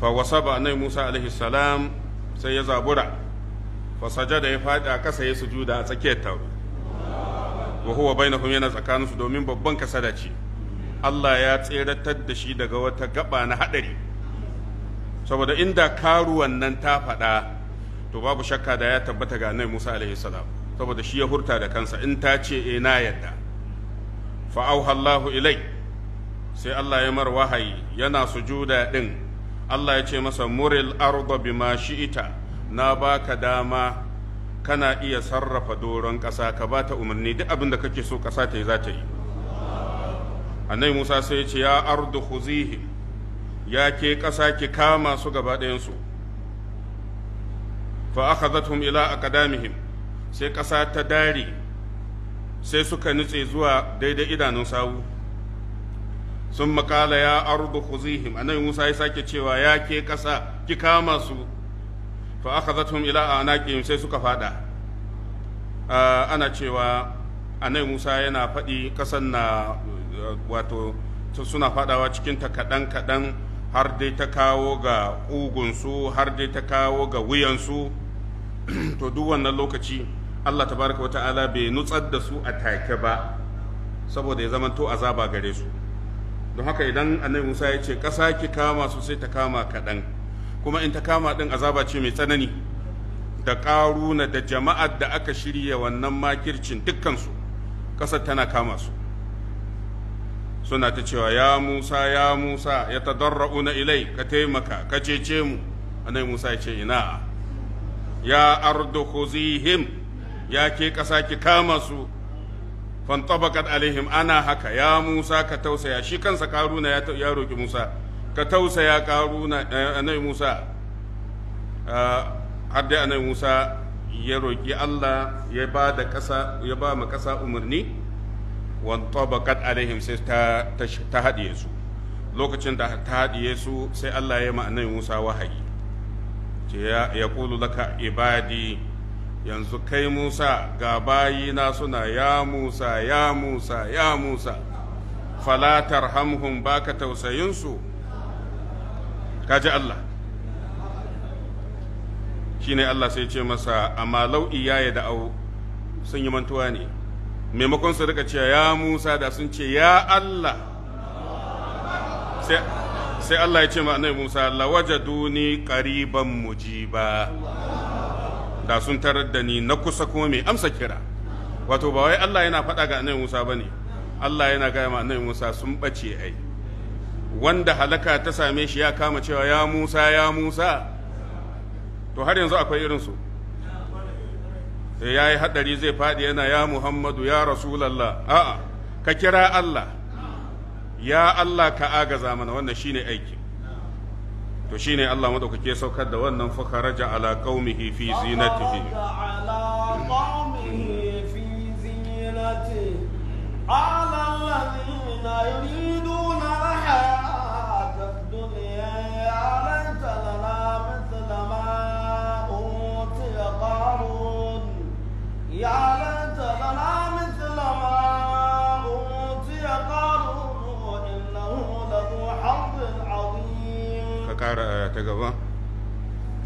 Speaker 2: fa wasaba annabi Musa alaihi salam sai ya zabura fa sajada ya fadi a kasa ya sujuda a tsakiyar taro wa huwa bainahum yana tsakaninsu domin babban kasada ce Allah ya tseratar da shi daga wata gaba na hadari saboda inda karuwan nan ta faɗa to babu shakka da ya tabbata ga nai Musa alaihi salam saboda shi ya hurta da kansa in ta ce eh na yadda fa auha Allahu ilai sai Allah ya mar wahayi yana sujuda din Allah ya ce masa muril arda bima shi'ita na baka dama kana iya sarrafa doron ƙasa ka bata umarni duk abin da kake so ƙasa ta yi za ta yi annabi musa sai ya ce ya ardu huzihi ya ke ƙasa ki kama su gaba ɗayansu fa akhadhatuhum ila aqdamihim sai ƙasa ta dare sai suka nutse zuwa daidai idanun sawu sun makala ya ardu khuzihim annabi Musa ya sake cewa ya ke ƙasa ki kama su fa akhadhatuhum ila anaqihim sai suka fada ah, ana cewa annabi Musa yana faɗi ƙasan na wato suna fadawa cikin ta kaɗan kaɗan har dai ta kawo ga ƙugunsu har dai ta kawo ga wuyansu to duk wannan lokaci Allah tabaraka wata'ala bai nutsar da su a take ba saboda ya to azaba gare su don haka idan annabi Musa ya ce ƙasa ki kama su sai ta kama kaɗan kuma in ta kama ɗin azaba ce mai tsanani da ƙaruna da jama'ar da aka shirya wannan makircin dukkansu ƙasar tana kama su suna ta cewa ya Musa ya Musa ya tadarrauna ilai ka taimaka ka cece mu anai Musa ya ce ina ya ardu khuzihim ya ke ƙasa ki kama su fantabaqat alaihim ana haka ya Musa ka tausaya shi kansa karuna ya ya roki Musa ka tausaya karuna eh, anai Musa ah, har dai Musa ya roki Allah ya ba da ƙasa ya ba ma ƙasa umarni wantabaqat alaihim sai ta ta haɗiye su lokacin da ta haɗiye su sai Allah ya ma annabi Musa wahayi ce ya yaqulu laka ibadi yanzu kai Musa ga bayina suna ya Musa ya Musa ya Musa fala tarhamhum baka tausayin su kaji Allah shine Allah sai ce masa amma lau'i yaya da au sun yi mantuwa ne maimakon su rika cewa ya Musa da sun ce ya Allah sai Allah ya ce ma annabi Musa lawajaduni qariban mujiba da sun tarar da ni na kusa kuma mai amsa kira wato ba wai Allah yana faɗa ga annabi Musa bane Allah yana gaya ma annabi Musa sun bace ai wanda halaka ta same shi ya kama cewa ya Musa ya Musa to har yanzu akwai irin su ya yi haɗari zai faɗi yana ya muhammadu ya rasulallah a'a ka kira allah ya allah ka agaza mana wannan shine aiki to shine allah maɗaukake saukar da wannan fakaraja ala qaumihi fi zinatihi
Speaker 1: قال الذين
Speaker 2: تقبا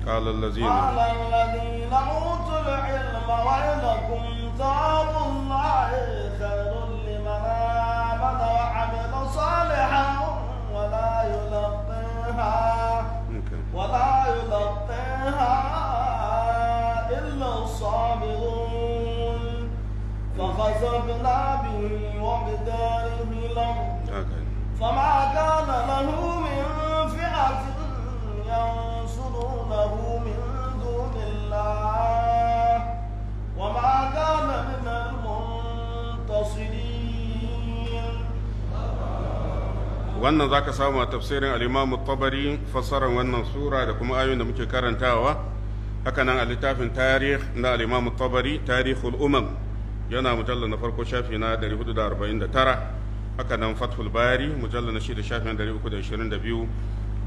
Speaker 2: قال الذين قال الذين أوتوا
Speaker 1: العلم ويلكم ثواب الله خير لمن آمن وعمل صالحا ولا يلقيها ولا يلقيها إلا الصابرون فخسفنا به وبداره الأرض فما كان له من فئة ينصرونه من دون الله وما كان من المنتصرين
Speaker 2: wannan zaka samu a tafsirin al-Imam tabari wannan sura da kuma ayoyin da muke karantawa hakanan a littafin tarih na al-Imam tabari yana mujallar na farko shafi na 449 hakanan fathul bari mujallar na shida shafi na 322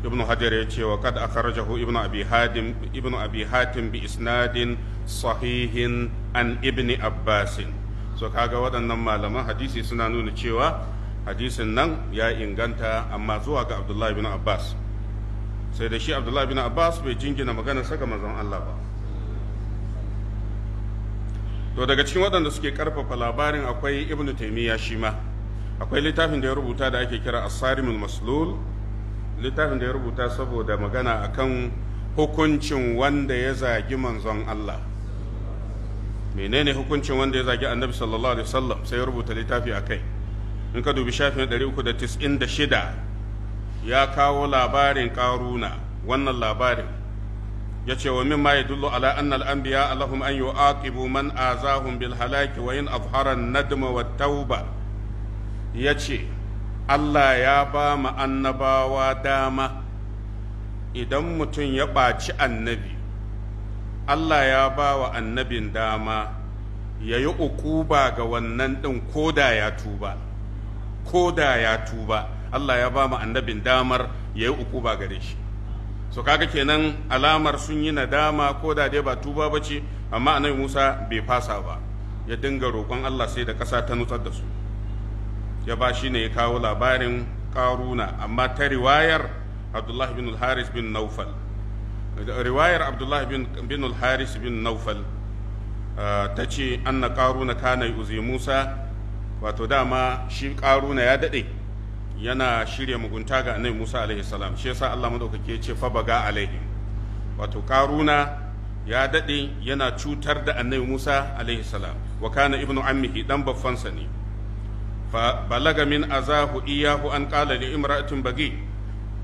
Speaker 2: ibnu hajar ya ce wa kad akhrajahu ibn abi hatim ibn abi hatim bi isnadin sahihin an Ibni abbas so kaga waɗannan malaman hadisi suna nuna cewa hadisin nan ya inganta amma zuwa ga abdullahi bin abbas sai da shi abdullahi bin abbas bai jingina magana saka manzon allah ba to daga cikin waɗanda suke karfafa labarin akwai ibnu taimiyya shi ma akwai littafin da ya rubuta da ake kira asarimul maslul littafin da ya rubuta saboda magana akan hukuncin wanda ya zagi manzon Allah menene hukuncin wanda ya zagi annabi sallallahu alaihi wasallam sai ya rubuta littafi kai. in ka dubi shafin 396 ya kawo labarin karuna wannan labarin ya ce wa ma ya dullu ala anna anbiya allahum an yu'aqibu man azahum bil halaki wa in azhara an-nadma tauba ya ce Allah ya ba mu annabawa dama idan mutum ya ɓaci annabi Allah ya ba wa annabin dama ya yi ukuba ga wannan ɗin koda ya tuba koda ya tuba Allah ya ba mu annabin damar ya yi ukuba gare shi so kaga kenan alamar sun yi nadama ko da dai ba tuba ba ce amma annabi Musa bai fasa ba ya dinga roƙon Allah sai da ƙasa ta nutsar da su ya ba shi ne ya kawo labarin karuna amma ta riwayar abdullahi bin al-haris bin naufal riwayar abdullahi bin al-haris bin naufal uh, ta ce anna karuna kana uzi musa wato dama shi karuna ya daɗe yana shirya mugunta ga annabi musa alaihi salam shi yasa allah madaukake ya ce fa baga alaihim wato karuna ya daɗe yana cutar da annabi musa alaihi salam wa kana ibnu ammihi dan baffansa ne fa balaga min azahu iyahu an qala li imra'atin bagi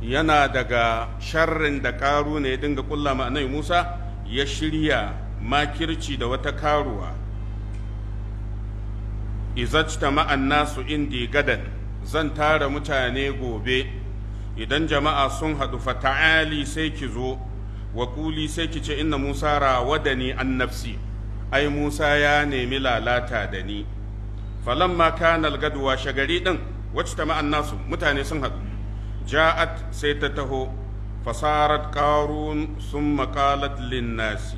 Speaker 2: yana daga sharrin da karu ne dinga kulla ma annabi Musa ya shirya makirci da wata karuwa Izacta annasu indi gadan zan tara mutane gobe idan jama'a sun haɗu ta'ali sai ki zo wa sai ki ce inna musa rawadani an nafsi ai musa ya nemi lalata da ni falamma kana algaduwa shagari din wacce ta ma'an nasu mutane sun haɗu ja'at sai ta taho fasarat ƙarun sun maƙalat linnasi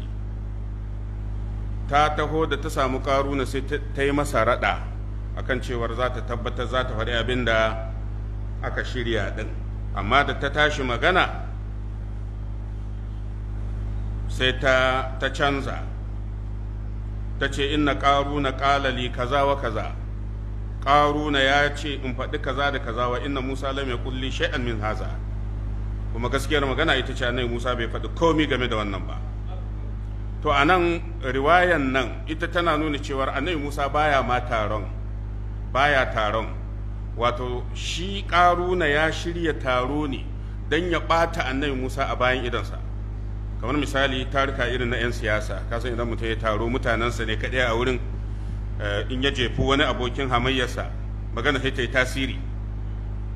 Speaker 2: ta taho da ta samu ƙaruna sai ta yi masa raɗa a kan cewar za ta tabbatar za ta faɗi abin da aka shirya ɗin amma da ta tashi magana sai ta canza ta ce inna ƙaruna ƙala li kaza wa kaza ƙaruna ya ce in faɗi kaza da kaza wa inna musa lam ya kulli shay'an min haza kuma gaskiyar magana ita ce annabi musa bai faɗi komi game da wannan ba to anan riwayan nan ita tana nuna cewa annabi musa baya ma taron baya taron wato shi ƙaruna ya shirya taro ne don ya ɓata annabi musa a bayan idansa kamar misali taruka irin na 'yan siyasa kasan idan mutum ya taro mutanensa ne kaɗai a wurin eh, in ya jefu wani abokin hamayyarsa magana sai ta yi tasiri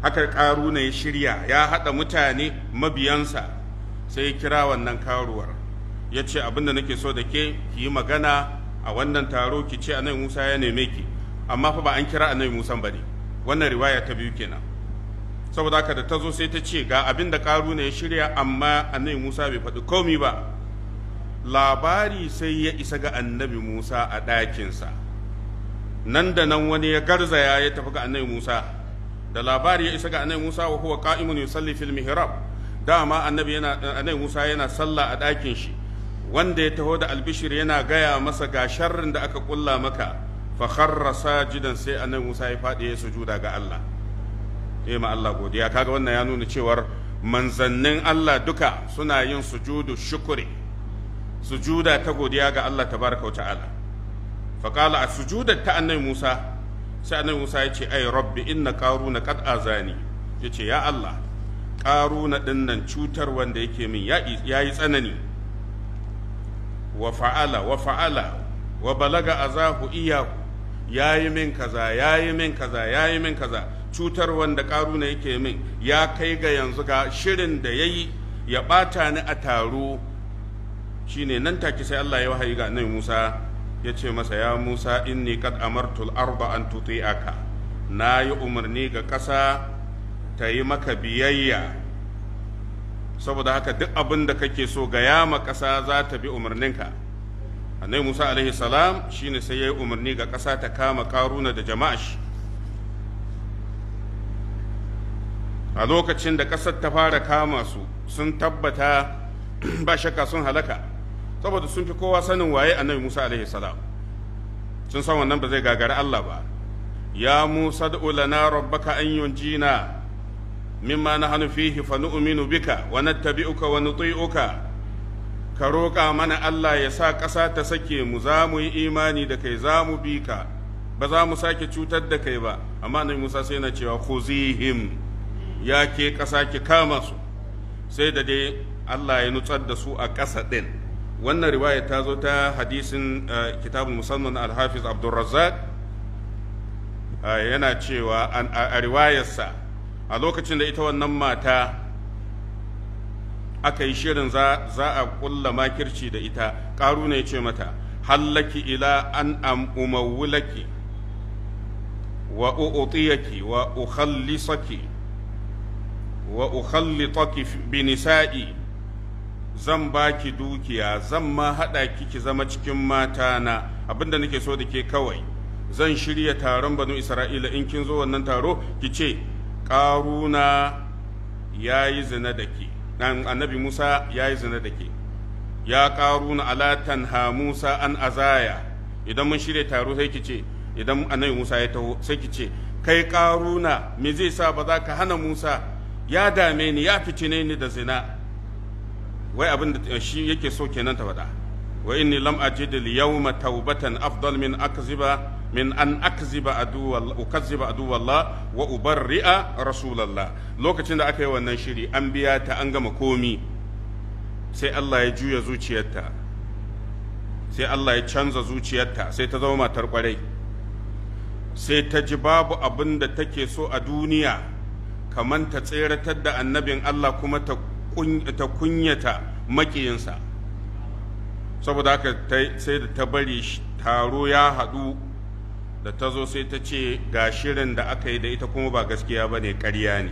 Speaker 2: haka ƙaru ne ya shirya ya haɗa mutane mabiyansa sai ya kira wannan karuwar ya ce abin da nake so da ke ki yi magana a wannan taro ki ce a musa ya neme ki amma fa ba an kira annabi musa ba ne wannan riwaya ta biyu kenan saboda haka da ta zo sai ta ce ga abin da karuna ya shirya amma annabi musa bai faɗi komi ba labari sai ya isa ga annabi musa a ɗakinsa nan da nan wani ya garzaya ya tafi ga annabi musa da labari ya isa ga annabi musa wa huwa qa'imun yusalli fil mihrab dama annabi yana annabi musa yana sallah a ɗakin shi wanda ya taho da albishir yana gaya masa ga sharrin da aka kulla maka fa kharra sajidan sai annabi musa ya faɗi ya sujuda ga allah yi ma Allah godiya kaga wannan ya nuna cewar manzannin Allah duka suna yin sujudu shukuri sujuda ta godiya ga Allah tabaraka wa ta'ala faqala as-sujuda ta annabi Musa sai annabi Musa ya ce ai rabbi inna qaruna qad azani yace ya Allah qaruna dinnan cutar wanda yake min yayi tsanani wa fa'ala wa fa'ala wa balaga azahu iyahu yayi min kaza yayi min kaza yayi min kaza cutar wanda karuna yake min ya kai ga yanzu ga shirin da ya yi ya ɓata ni a taro shine nan take sai Allah ya wahayi ga nan Musa ya ce masa ya Musa inni qad amartu al-arda an tuti'aka na yi umarni ga ƙasa ta yi maka biyayya saboda haka duk abin da kake so ga ma kasa za ta bi umarninka annabi Musa alaihi salam shine sai yayi umarni ga ƙasa ta kama karuna da jama'a shi a lokacin da ƙasar ta fara kama su sun tabbata ba shakka sun halaka saboda sun fi kowa sanin waye annabi Musa alaihi salam sun san wannan ba zai gagari Allah ba ya Musa lana rabbaka an yunjina mimma nahnu fihi fa nu'minu bika wa nattabi'uka wa nuti'uka ka roƙa mana Allah ya sa ƙasa ta sake mu za mu yi imani da kai za mu bi ka ba za mu sake cutar da kai ba amma annabi Musa sai yana cewa khuzihim ya ke ƙasa ki kama su sai da dai Allah ya nutsar da su a ƙasa ɗin wannan riwaya ta zo ta hadisin eh, kitabun musamman alhafiz abdulrazzaq eh, yana cewa a riwayarsa a lokacin da ita wannan mata aka yi shirin za a ƙulla makirci da ita ƙaru ne ce mata hallaki ila an umawulaki wa u'utiyaki wa ukhallisaki wa ukhallitaki bi nisa'i zan baki dukiya zan ma hada ki ki zama cikin mata na abinda nake so da ke kawai zan shirya taron banu isra'ila in kin zo wannan taro ki ce ƙaruna ya yi zina da ke annabi musa ya yi zina da ke ya ƙaruna alatan ha musa an azaya idan mun shirya taro sai ki ce idan annabi musa ya taho sai ki ce kai ƙaruna me zai sa ba za ka hana musa ya dame ni ya fitine ni da zina wai abin da shi yake so kenan ta faɗa wa inni lam ajid al yawma tawbatan afdal min akziba min an akziba adu wal ukazziba adu wallah wa ubarri'a rasulullah lokacin da aka yi wannan shiri an biya ta an gama komi sai Allah ya juya zuciyarta sai Allah ya canza zuciyarta sai ta zama matar kwarai sai ta ji babu abin da take so a duniya kaman ta tseratar da annabin Allah kuma ta kunyata makiyinsa saboda haka sai da ta bari taro ya haɗu da ta zo sai ta ce ga shirin da aka yi da ita kuma ba gaskiya ba ne ƙarya ne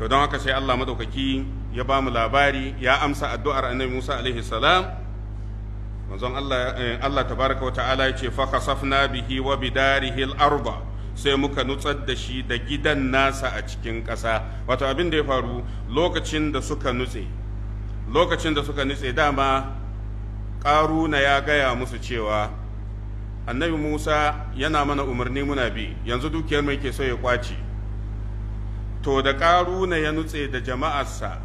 Speaker 2: to don haka sai Allah maɗaukaki ya ba mu labari ya amsa addu'ar annabi Musa alaihi salam manzon Allah eh, tabaraka wa ta'ala ya ce fa khasafna bihi wa bidarihi al-arda sai muka nutsar da shi da gidan nasa a cikin ƙasa wato abin da ya faru lokacin da suka nutse lokacin da suka nutse dama ƙaruna ya gaya musu cewa annabi musa yana mana umarni muna bi yanzu dukiyar mai ke so ya kwace to da ƙaruna ya nutse da jama'arsa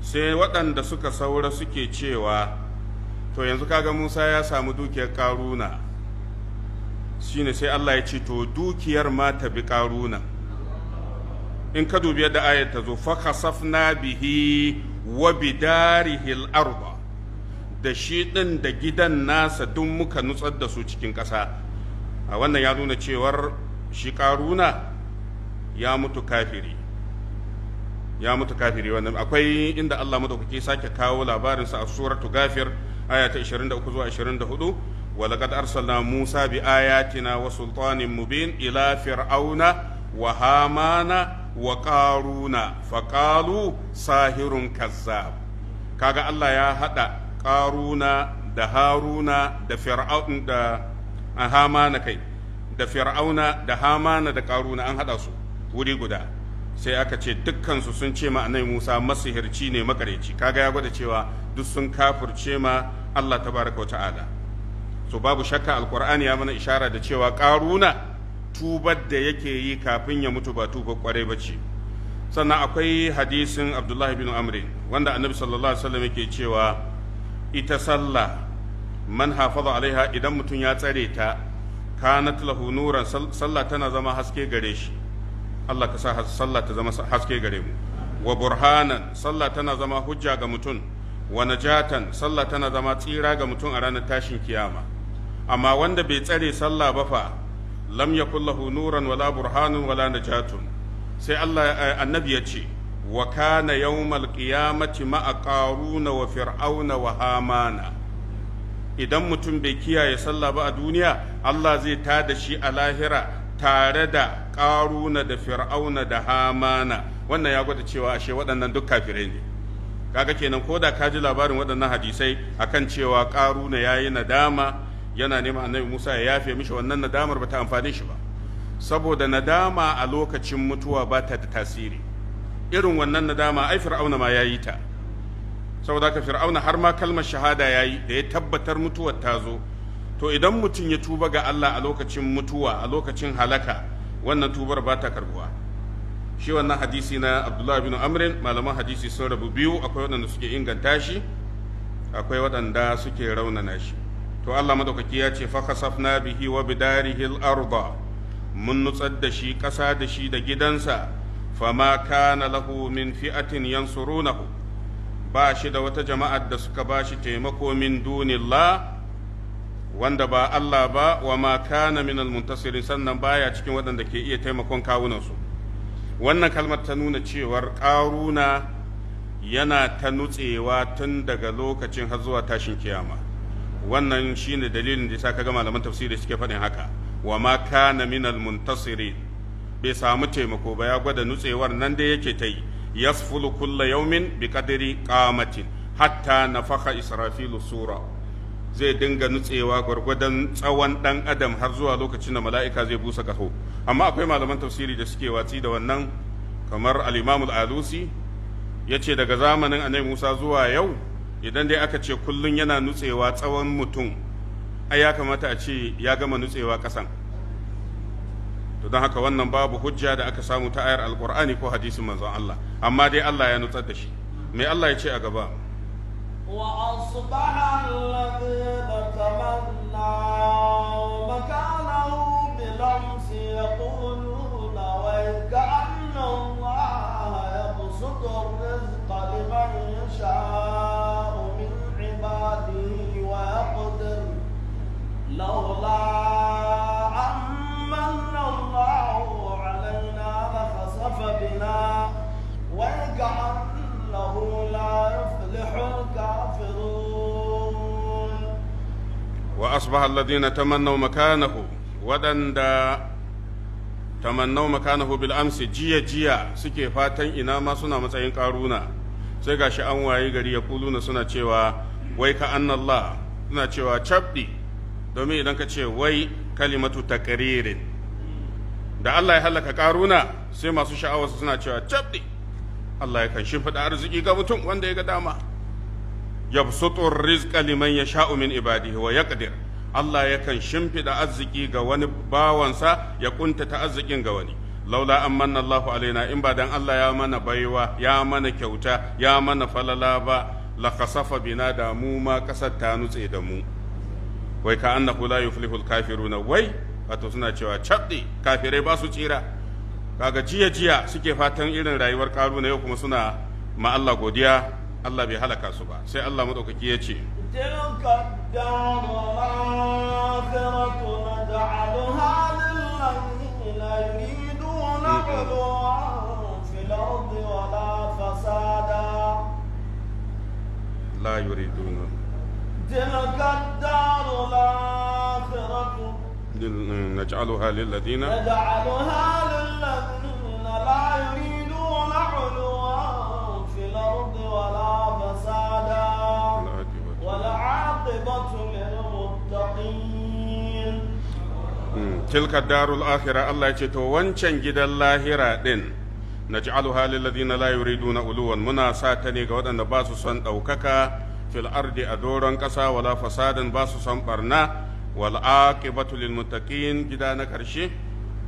Speaker 2: sai waɗanda suka saura suke cewa to yanzu kaga musa ya samu dukiyar ƙaruna shine sai Allah ya ce to dukiyar ma ta bi karuna in ka dubi yadda ayat ta zo fa kasafna bihi wa bidarihi al-arba da shi din da gidan nasa duk muka nutsar da su cikin ƙasa a wannan ya nuna cewar shi karuna ya mutu kafiri ya mutu kafiri wannan akwai inda Allah madaukake sake kawo labarinsa a suratu gafir aya ta 23 zuwa 24 ولقد أرسلنا موسى بآياتنا وسلطان مبين إلى فرعون وهامان وقارون فقالوا ساهر كذاب كاغا الله يا هدا قارون da haruna da fir'aun da hamana kai da fir'auna da hamana da karuna an haɗa su wuri guda sai aka ce dukkansu sun ce ma annabi Musa masihirci ne makareci kaga ya gwada cewa duk sun kafirce ma Allah tabaraka wa ta'ala so babu shakka alkur'ani ya mana ishara da cewa karuna tubar da yake yi kafin ya mutu ba tuba kwarai ba ce sannan akwai hadisin abdullahi bin amri wanda annabi sallallahu alaihi wasallam yake cewa ita sallah man hafaza alaiha idan mutum ya tsare ta kanat lahu nuran sallah tana zama haske gare shi Allah ka sa sallah ta zama haske gare mu wa burhanan sallah tana zama hujja ga mutum wa najatan sallah tana zama tsira ga mutum a ranar tashin kiyama amma wanda bai tsare sallah ba fa lam yakul lahu nuran wala burhanun wala najatun sai Allah eh, annabi ya ce wa kana yawmal qiyamati ma'a qaruna wa fir'auna wa hamana idan mutum bai kiyaye sallah ba a duniya Allah zai tada shi a lahira tare da ƙaruna da fir'auna da hamana wannan ya gwada cewa ashe waɗannan duk kafirai ne kaga kenan ko da ka ji labarin waɗannan hadisai akan cewa ƙaruna yayi yi nadama yana nema annabi Musa ya yafe mishi wannan nadamar ba ta amfane shi ba saboda nadama a lokacin mutuwa ba ta da tasiri irin wannan nadama ai fir'auna ma yayi ta saboda haka fir'auna har ma kalmar shahada yayi da ya tabbatar mutuwar ta zo to idan mutum ya tuba ga Allah a lokacin mutuwa a lokacin halaka wannan tubar ba ta karbuwa shi wannan hadisi na Abdullah bin Amr malaman hadisi sun rabu biyu akwai waɗanda suke inganta shi akwai waɗanda suke raunana shi to Allah madaukaki ya ce fakasafna bihi wa bidarihi al-arda mun nutsar da shi ƙasa da shi da gidansa fama kana lahu min fi'atin yansurunahu ba shi da wata jama'ar da suka ba shi taimako min dunillah wanda ba Allah ba wa ma kana min al-muntasirin sannan baya cikin waɗanda ke iya taimakon kawunansu wannan kalmar ta nuna cewar ƙaruna yana ta nutsewa tun daga lokacin har zuwa tashin kiyama wannan shine dalilin da yasa kaga malaman tafsiri suke faɗin haka wa ma kana minal muntasirin bai samu taimako ba ya gwada nutsewar nan da yake ta yi yasfulu kulla yaumin bi qadri qamatin hatta nafakha israfilu sura zai dinga nutsewa gwargwadon tsawon dan adam har zuwa lokacin da mala'ika zai busa kaho amma akwai malaman tafsiri da suke watsi da wannan kamar al al alusi yace daga zamanin annabi Musa zuwa yau idan dai aka ce kullum yana nutsewa tsawon mutum ai ya kamata a ce ya gama nutsewa kasan to don haka wannan babu hujja da aka samu ta ayar alkur'ani ko hadisin manzon Allah amma dai Allah ya nutsar da shi mai Allah ya ce a gaba
Speaker 1: وأصبح لولا أمن الله علينا لخسف بنا وكأنه لا يفلح الكافرون
Speaker 2: وأصبح الذين تمنوا مكانه ودند tamannau makanahu bil amsi jiya jiya suke fatan ina ma suna matsayin karuna sai gashi an waye gari ya kuluna suna cewa wai ka annallah suna cewa cabdi domin idan ka ce wai kalimatu takaririn da Allah ya halaka karuna sai masu sha'awarsu suna cewa cabdi Allah ya kan shimfiɗa arziki ga mutum wanda ya ga dama yabsutu rizqa liman yasha'u min ibadihi wa yaqdir Allah ya kan shimfiɗa arziki ga wani bawansa ya ta arzikin ga wani laula an manna Allahu alaina in ba dan Allah ya mana baiwa ya mana kyauta ya mana falala ba la kasafa bina da mu ma kasar ta nutse da mu wai ka layu la yuflihul kafiruna wai wato suna cewa caddi kafirai ba su tsira kaga jiya jiya suke fatan irin rayuwar na yau kuma suna ma Allah godiya Allah bai halaka su ba sai Allah madaukaki ya ce لا يريدون
Speaker 1: تلك الدار الآخرة
Speaker 2: نجعلها للذين نجعلها للذين لا يريدون علوا
Speaker 1: في الأرض ولا فسادا والعاقبة للمتقين
Speaker 2: تلك الدار الآخرة الله يجتو وانشان جدا اللاهرة دين نجعلها للذين لا يريدون علوا منا ساتني قد أن باسو سن أوكاكا fil ardi a doron ƙasa wala fasadin ba su san barna wal aqibatu lil muttaqin gida na ƙarshe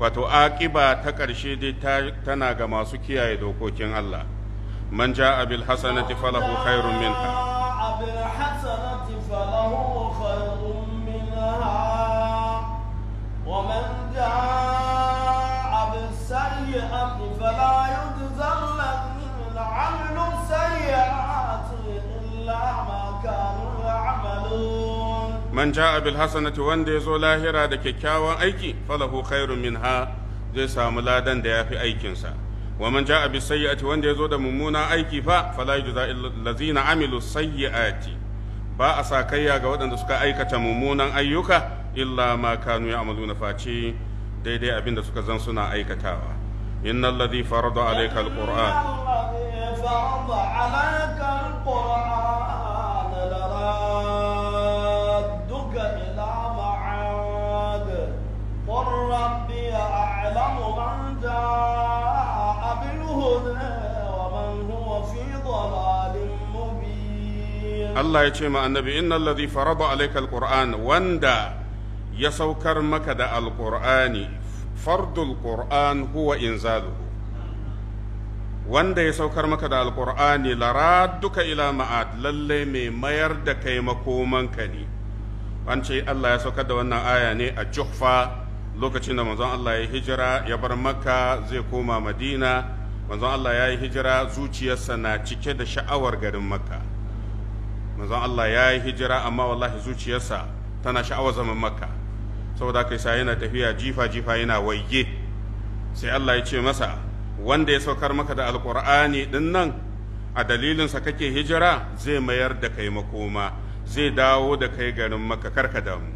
Speaker 2: wato aqiba ta ƙarshe dai tana ga masu kiyaye dokokin Allah man ja'a bil hasanati falahu khairun minha
Speaker 1: bil hasanati falahu
Speaker 2: man ja'a bil hasanati wanda ya zo lahira da kyakkyawan aiki falahu khairun minha zai samu ladan da yafi aikinsa wa man ja'a bis sayyi'ati wanda ya zo da mummunan aiki fa fala yujza allazina amilu sayyi'ati ba a sa kayya ga waɗanda suka aikata mummunan ayyuka illa ma kanu ya'maluna face daidai abinda suka zan suna aikatawa Inna ladhi farada alayka alquran
Speaker 1: farada alayka alquran Allah
Speaker 2: ya ce ma annabi innal ladhi farada alayka alquran wanda ya saukar maka da alqur'ani fardul qur'an huwa inzaluhu wanda ya saukar maka da alqur'ani laradduka ila ma'ad lalle mai mayar da kai makomanka ne an ce Allah ya saukar da wannan aya ne a Juhfa lokacin da manzon Allah ya hijira ya bar Makka zai koma Madina manzon Allah ya yi hijira zuciyarsa na cike da sha'awar garin Makka manzon Allah ya yi hijira amma wallahi zuciyarsa tana sha'awar zaman makka saboda kai sa yana tafiya jifa jifa yana waye sai Allah ya ce masa wanda ya saukar maka da alkur'ani din nan a dalilinsa kake hijira zai mayar da kai makoma zai dawo da kai garin makka karka da mu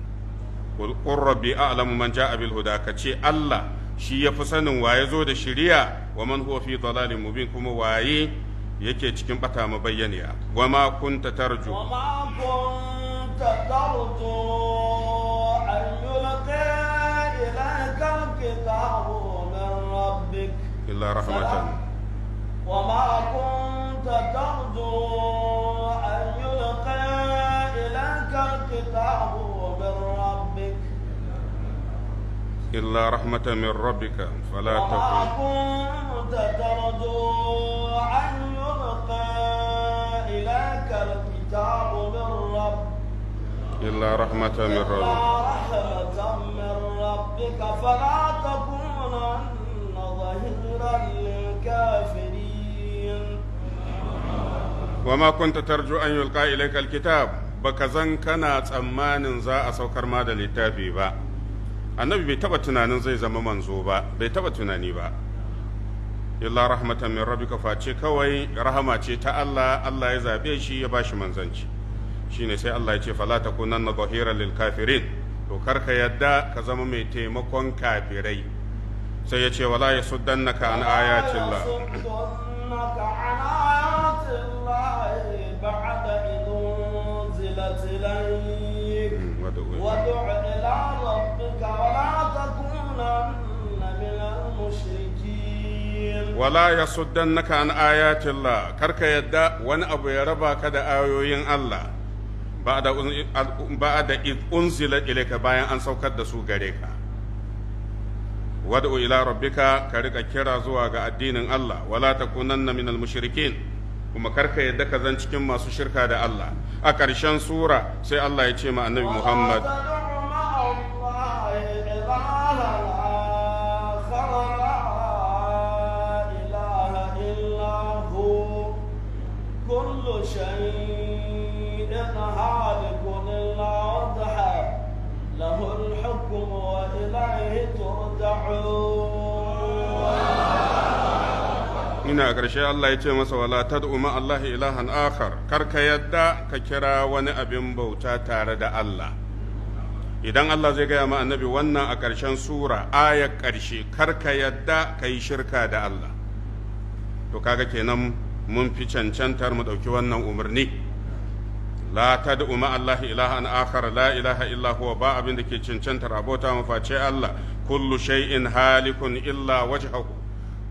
Speaker 2: qul rabbi a'lamu man ja'a bil huda kace Allah shi ya fi sanin waye zo da shiriya wa man huwa fi dalalin mubin kuma waye yake cikin bata mabayyaniya wama kunta tarju wama
Speaker 1: kunta tarju kitabu min
Speaker 2: illa rahmatan wama
Speaker 1: kunta tarju an kitabu min
Speaker 2: إلا رحمة من ربك فلا تكن وما
Speaker 1: كنت ترجو أن الكتاب من رب
Speaker 2: إلا رحمة من ربك رحمة من ربك فلا تكونن ظهيرا للكافرين وما كنت ترجو أن يلقى إليك الكتاب بكزن كان تأمان زاء سوكر مادة da با النبي annabi bai taba tunanin zai zama manzo ba illa rahmatan min rabbika face kawai rahama ce ta Allah Allah ya zabe shi ya bashi manzanci shine sai Allah ya ce fala takunanna zahiran lil kafirin to karka yadda ka zama mai taimakon kafirai sai ya ce wala yasuddannaka an ayatillah ودعوا wala ya naka an ayatillah karka yadda wani abu ya raba ka da ayoyin Allah ba da unzila ilaika bayan an saukar da su gare ka wad'u ila rabbika ka rika kira zuwa ga addinin Allah wala takunanna al mushrikin kuma karka yadda ka zan cikin masu shirka da Allah a ƙarshen sura sai Allah ya ce ma annabi Muhammad
Speaker 1: شيء
Speaker 2: a ƙarshe Allah ya ce masa wala tad'u ma Allah ilahan akhar kar ka yadda ka kira wani abin bauta tare da Allah idan Allah zai gaya ma annabi wannan a ƙarshen sura ayar ƙarshe kar ka yadda ka yi shirka da Allah to kaga kenan mun fi cancantar mu ɗauki wannan umarni la ta da Allah an akhar la ilaha illa huwa ba abin da ke cancantar abota mu face Allah kullu shay'in halikun illa wajhahu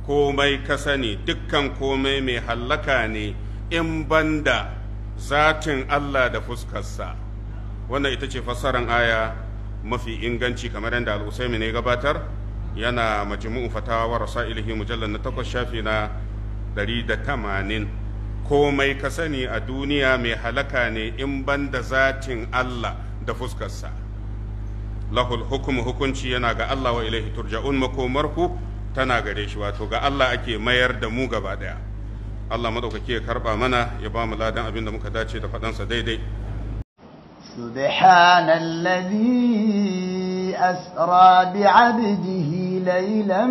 Speaker 2: komai ka sani dukkan komai mai hallaka ne in banda zatin Allah da fuskarsa wannan ita ce fassarar aya mafi inganci kamar yadda al ne gabatar yana majmu'u fatawa rasailihi mujallal na takwas shafi na 180 komai ka sani a duniya mai halaka ne in banda zatin Allah da fuskarsa lahul hukumu hukunci yana ga Allah wa ilaihi turja'un makomarku tana gare shi wato ga Allah ake mayar da mu gaba daya Allah madaukaki ya karba mana ya ba mu ladan abin da muka dace da fadansa daidai
Speaker 1: subhanallazi asra bi ليلا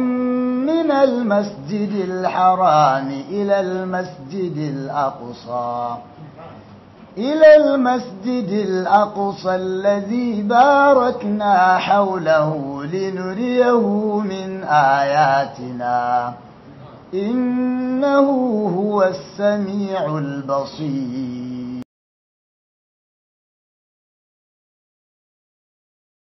Speaker 1: من المسجد الحرام إلى المسجد الأقصى إلى المسجد الأقصى الذي باركنا حوله لنريه من آياتنا إنه هو السميع
Speaker 2: البصير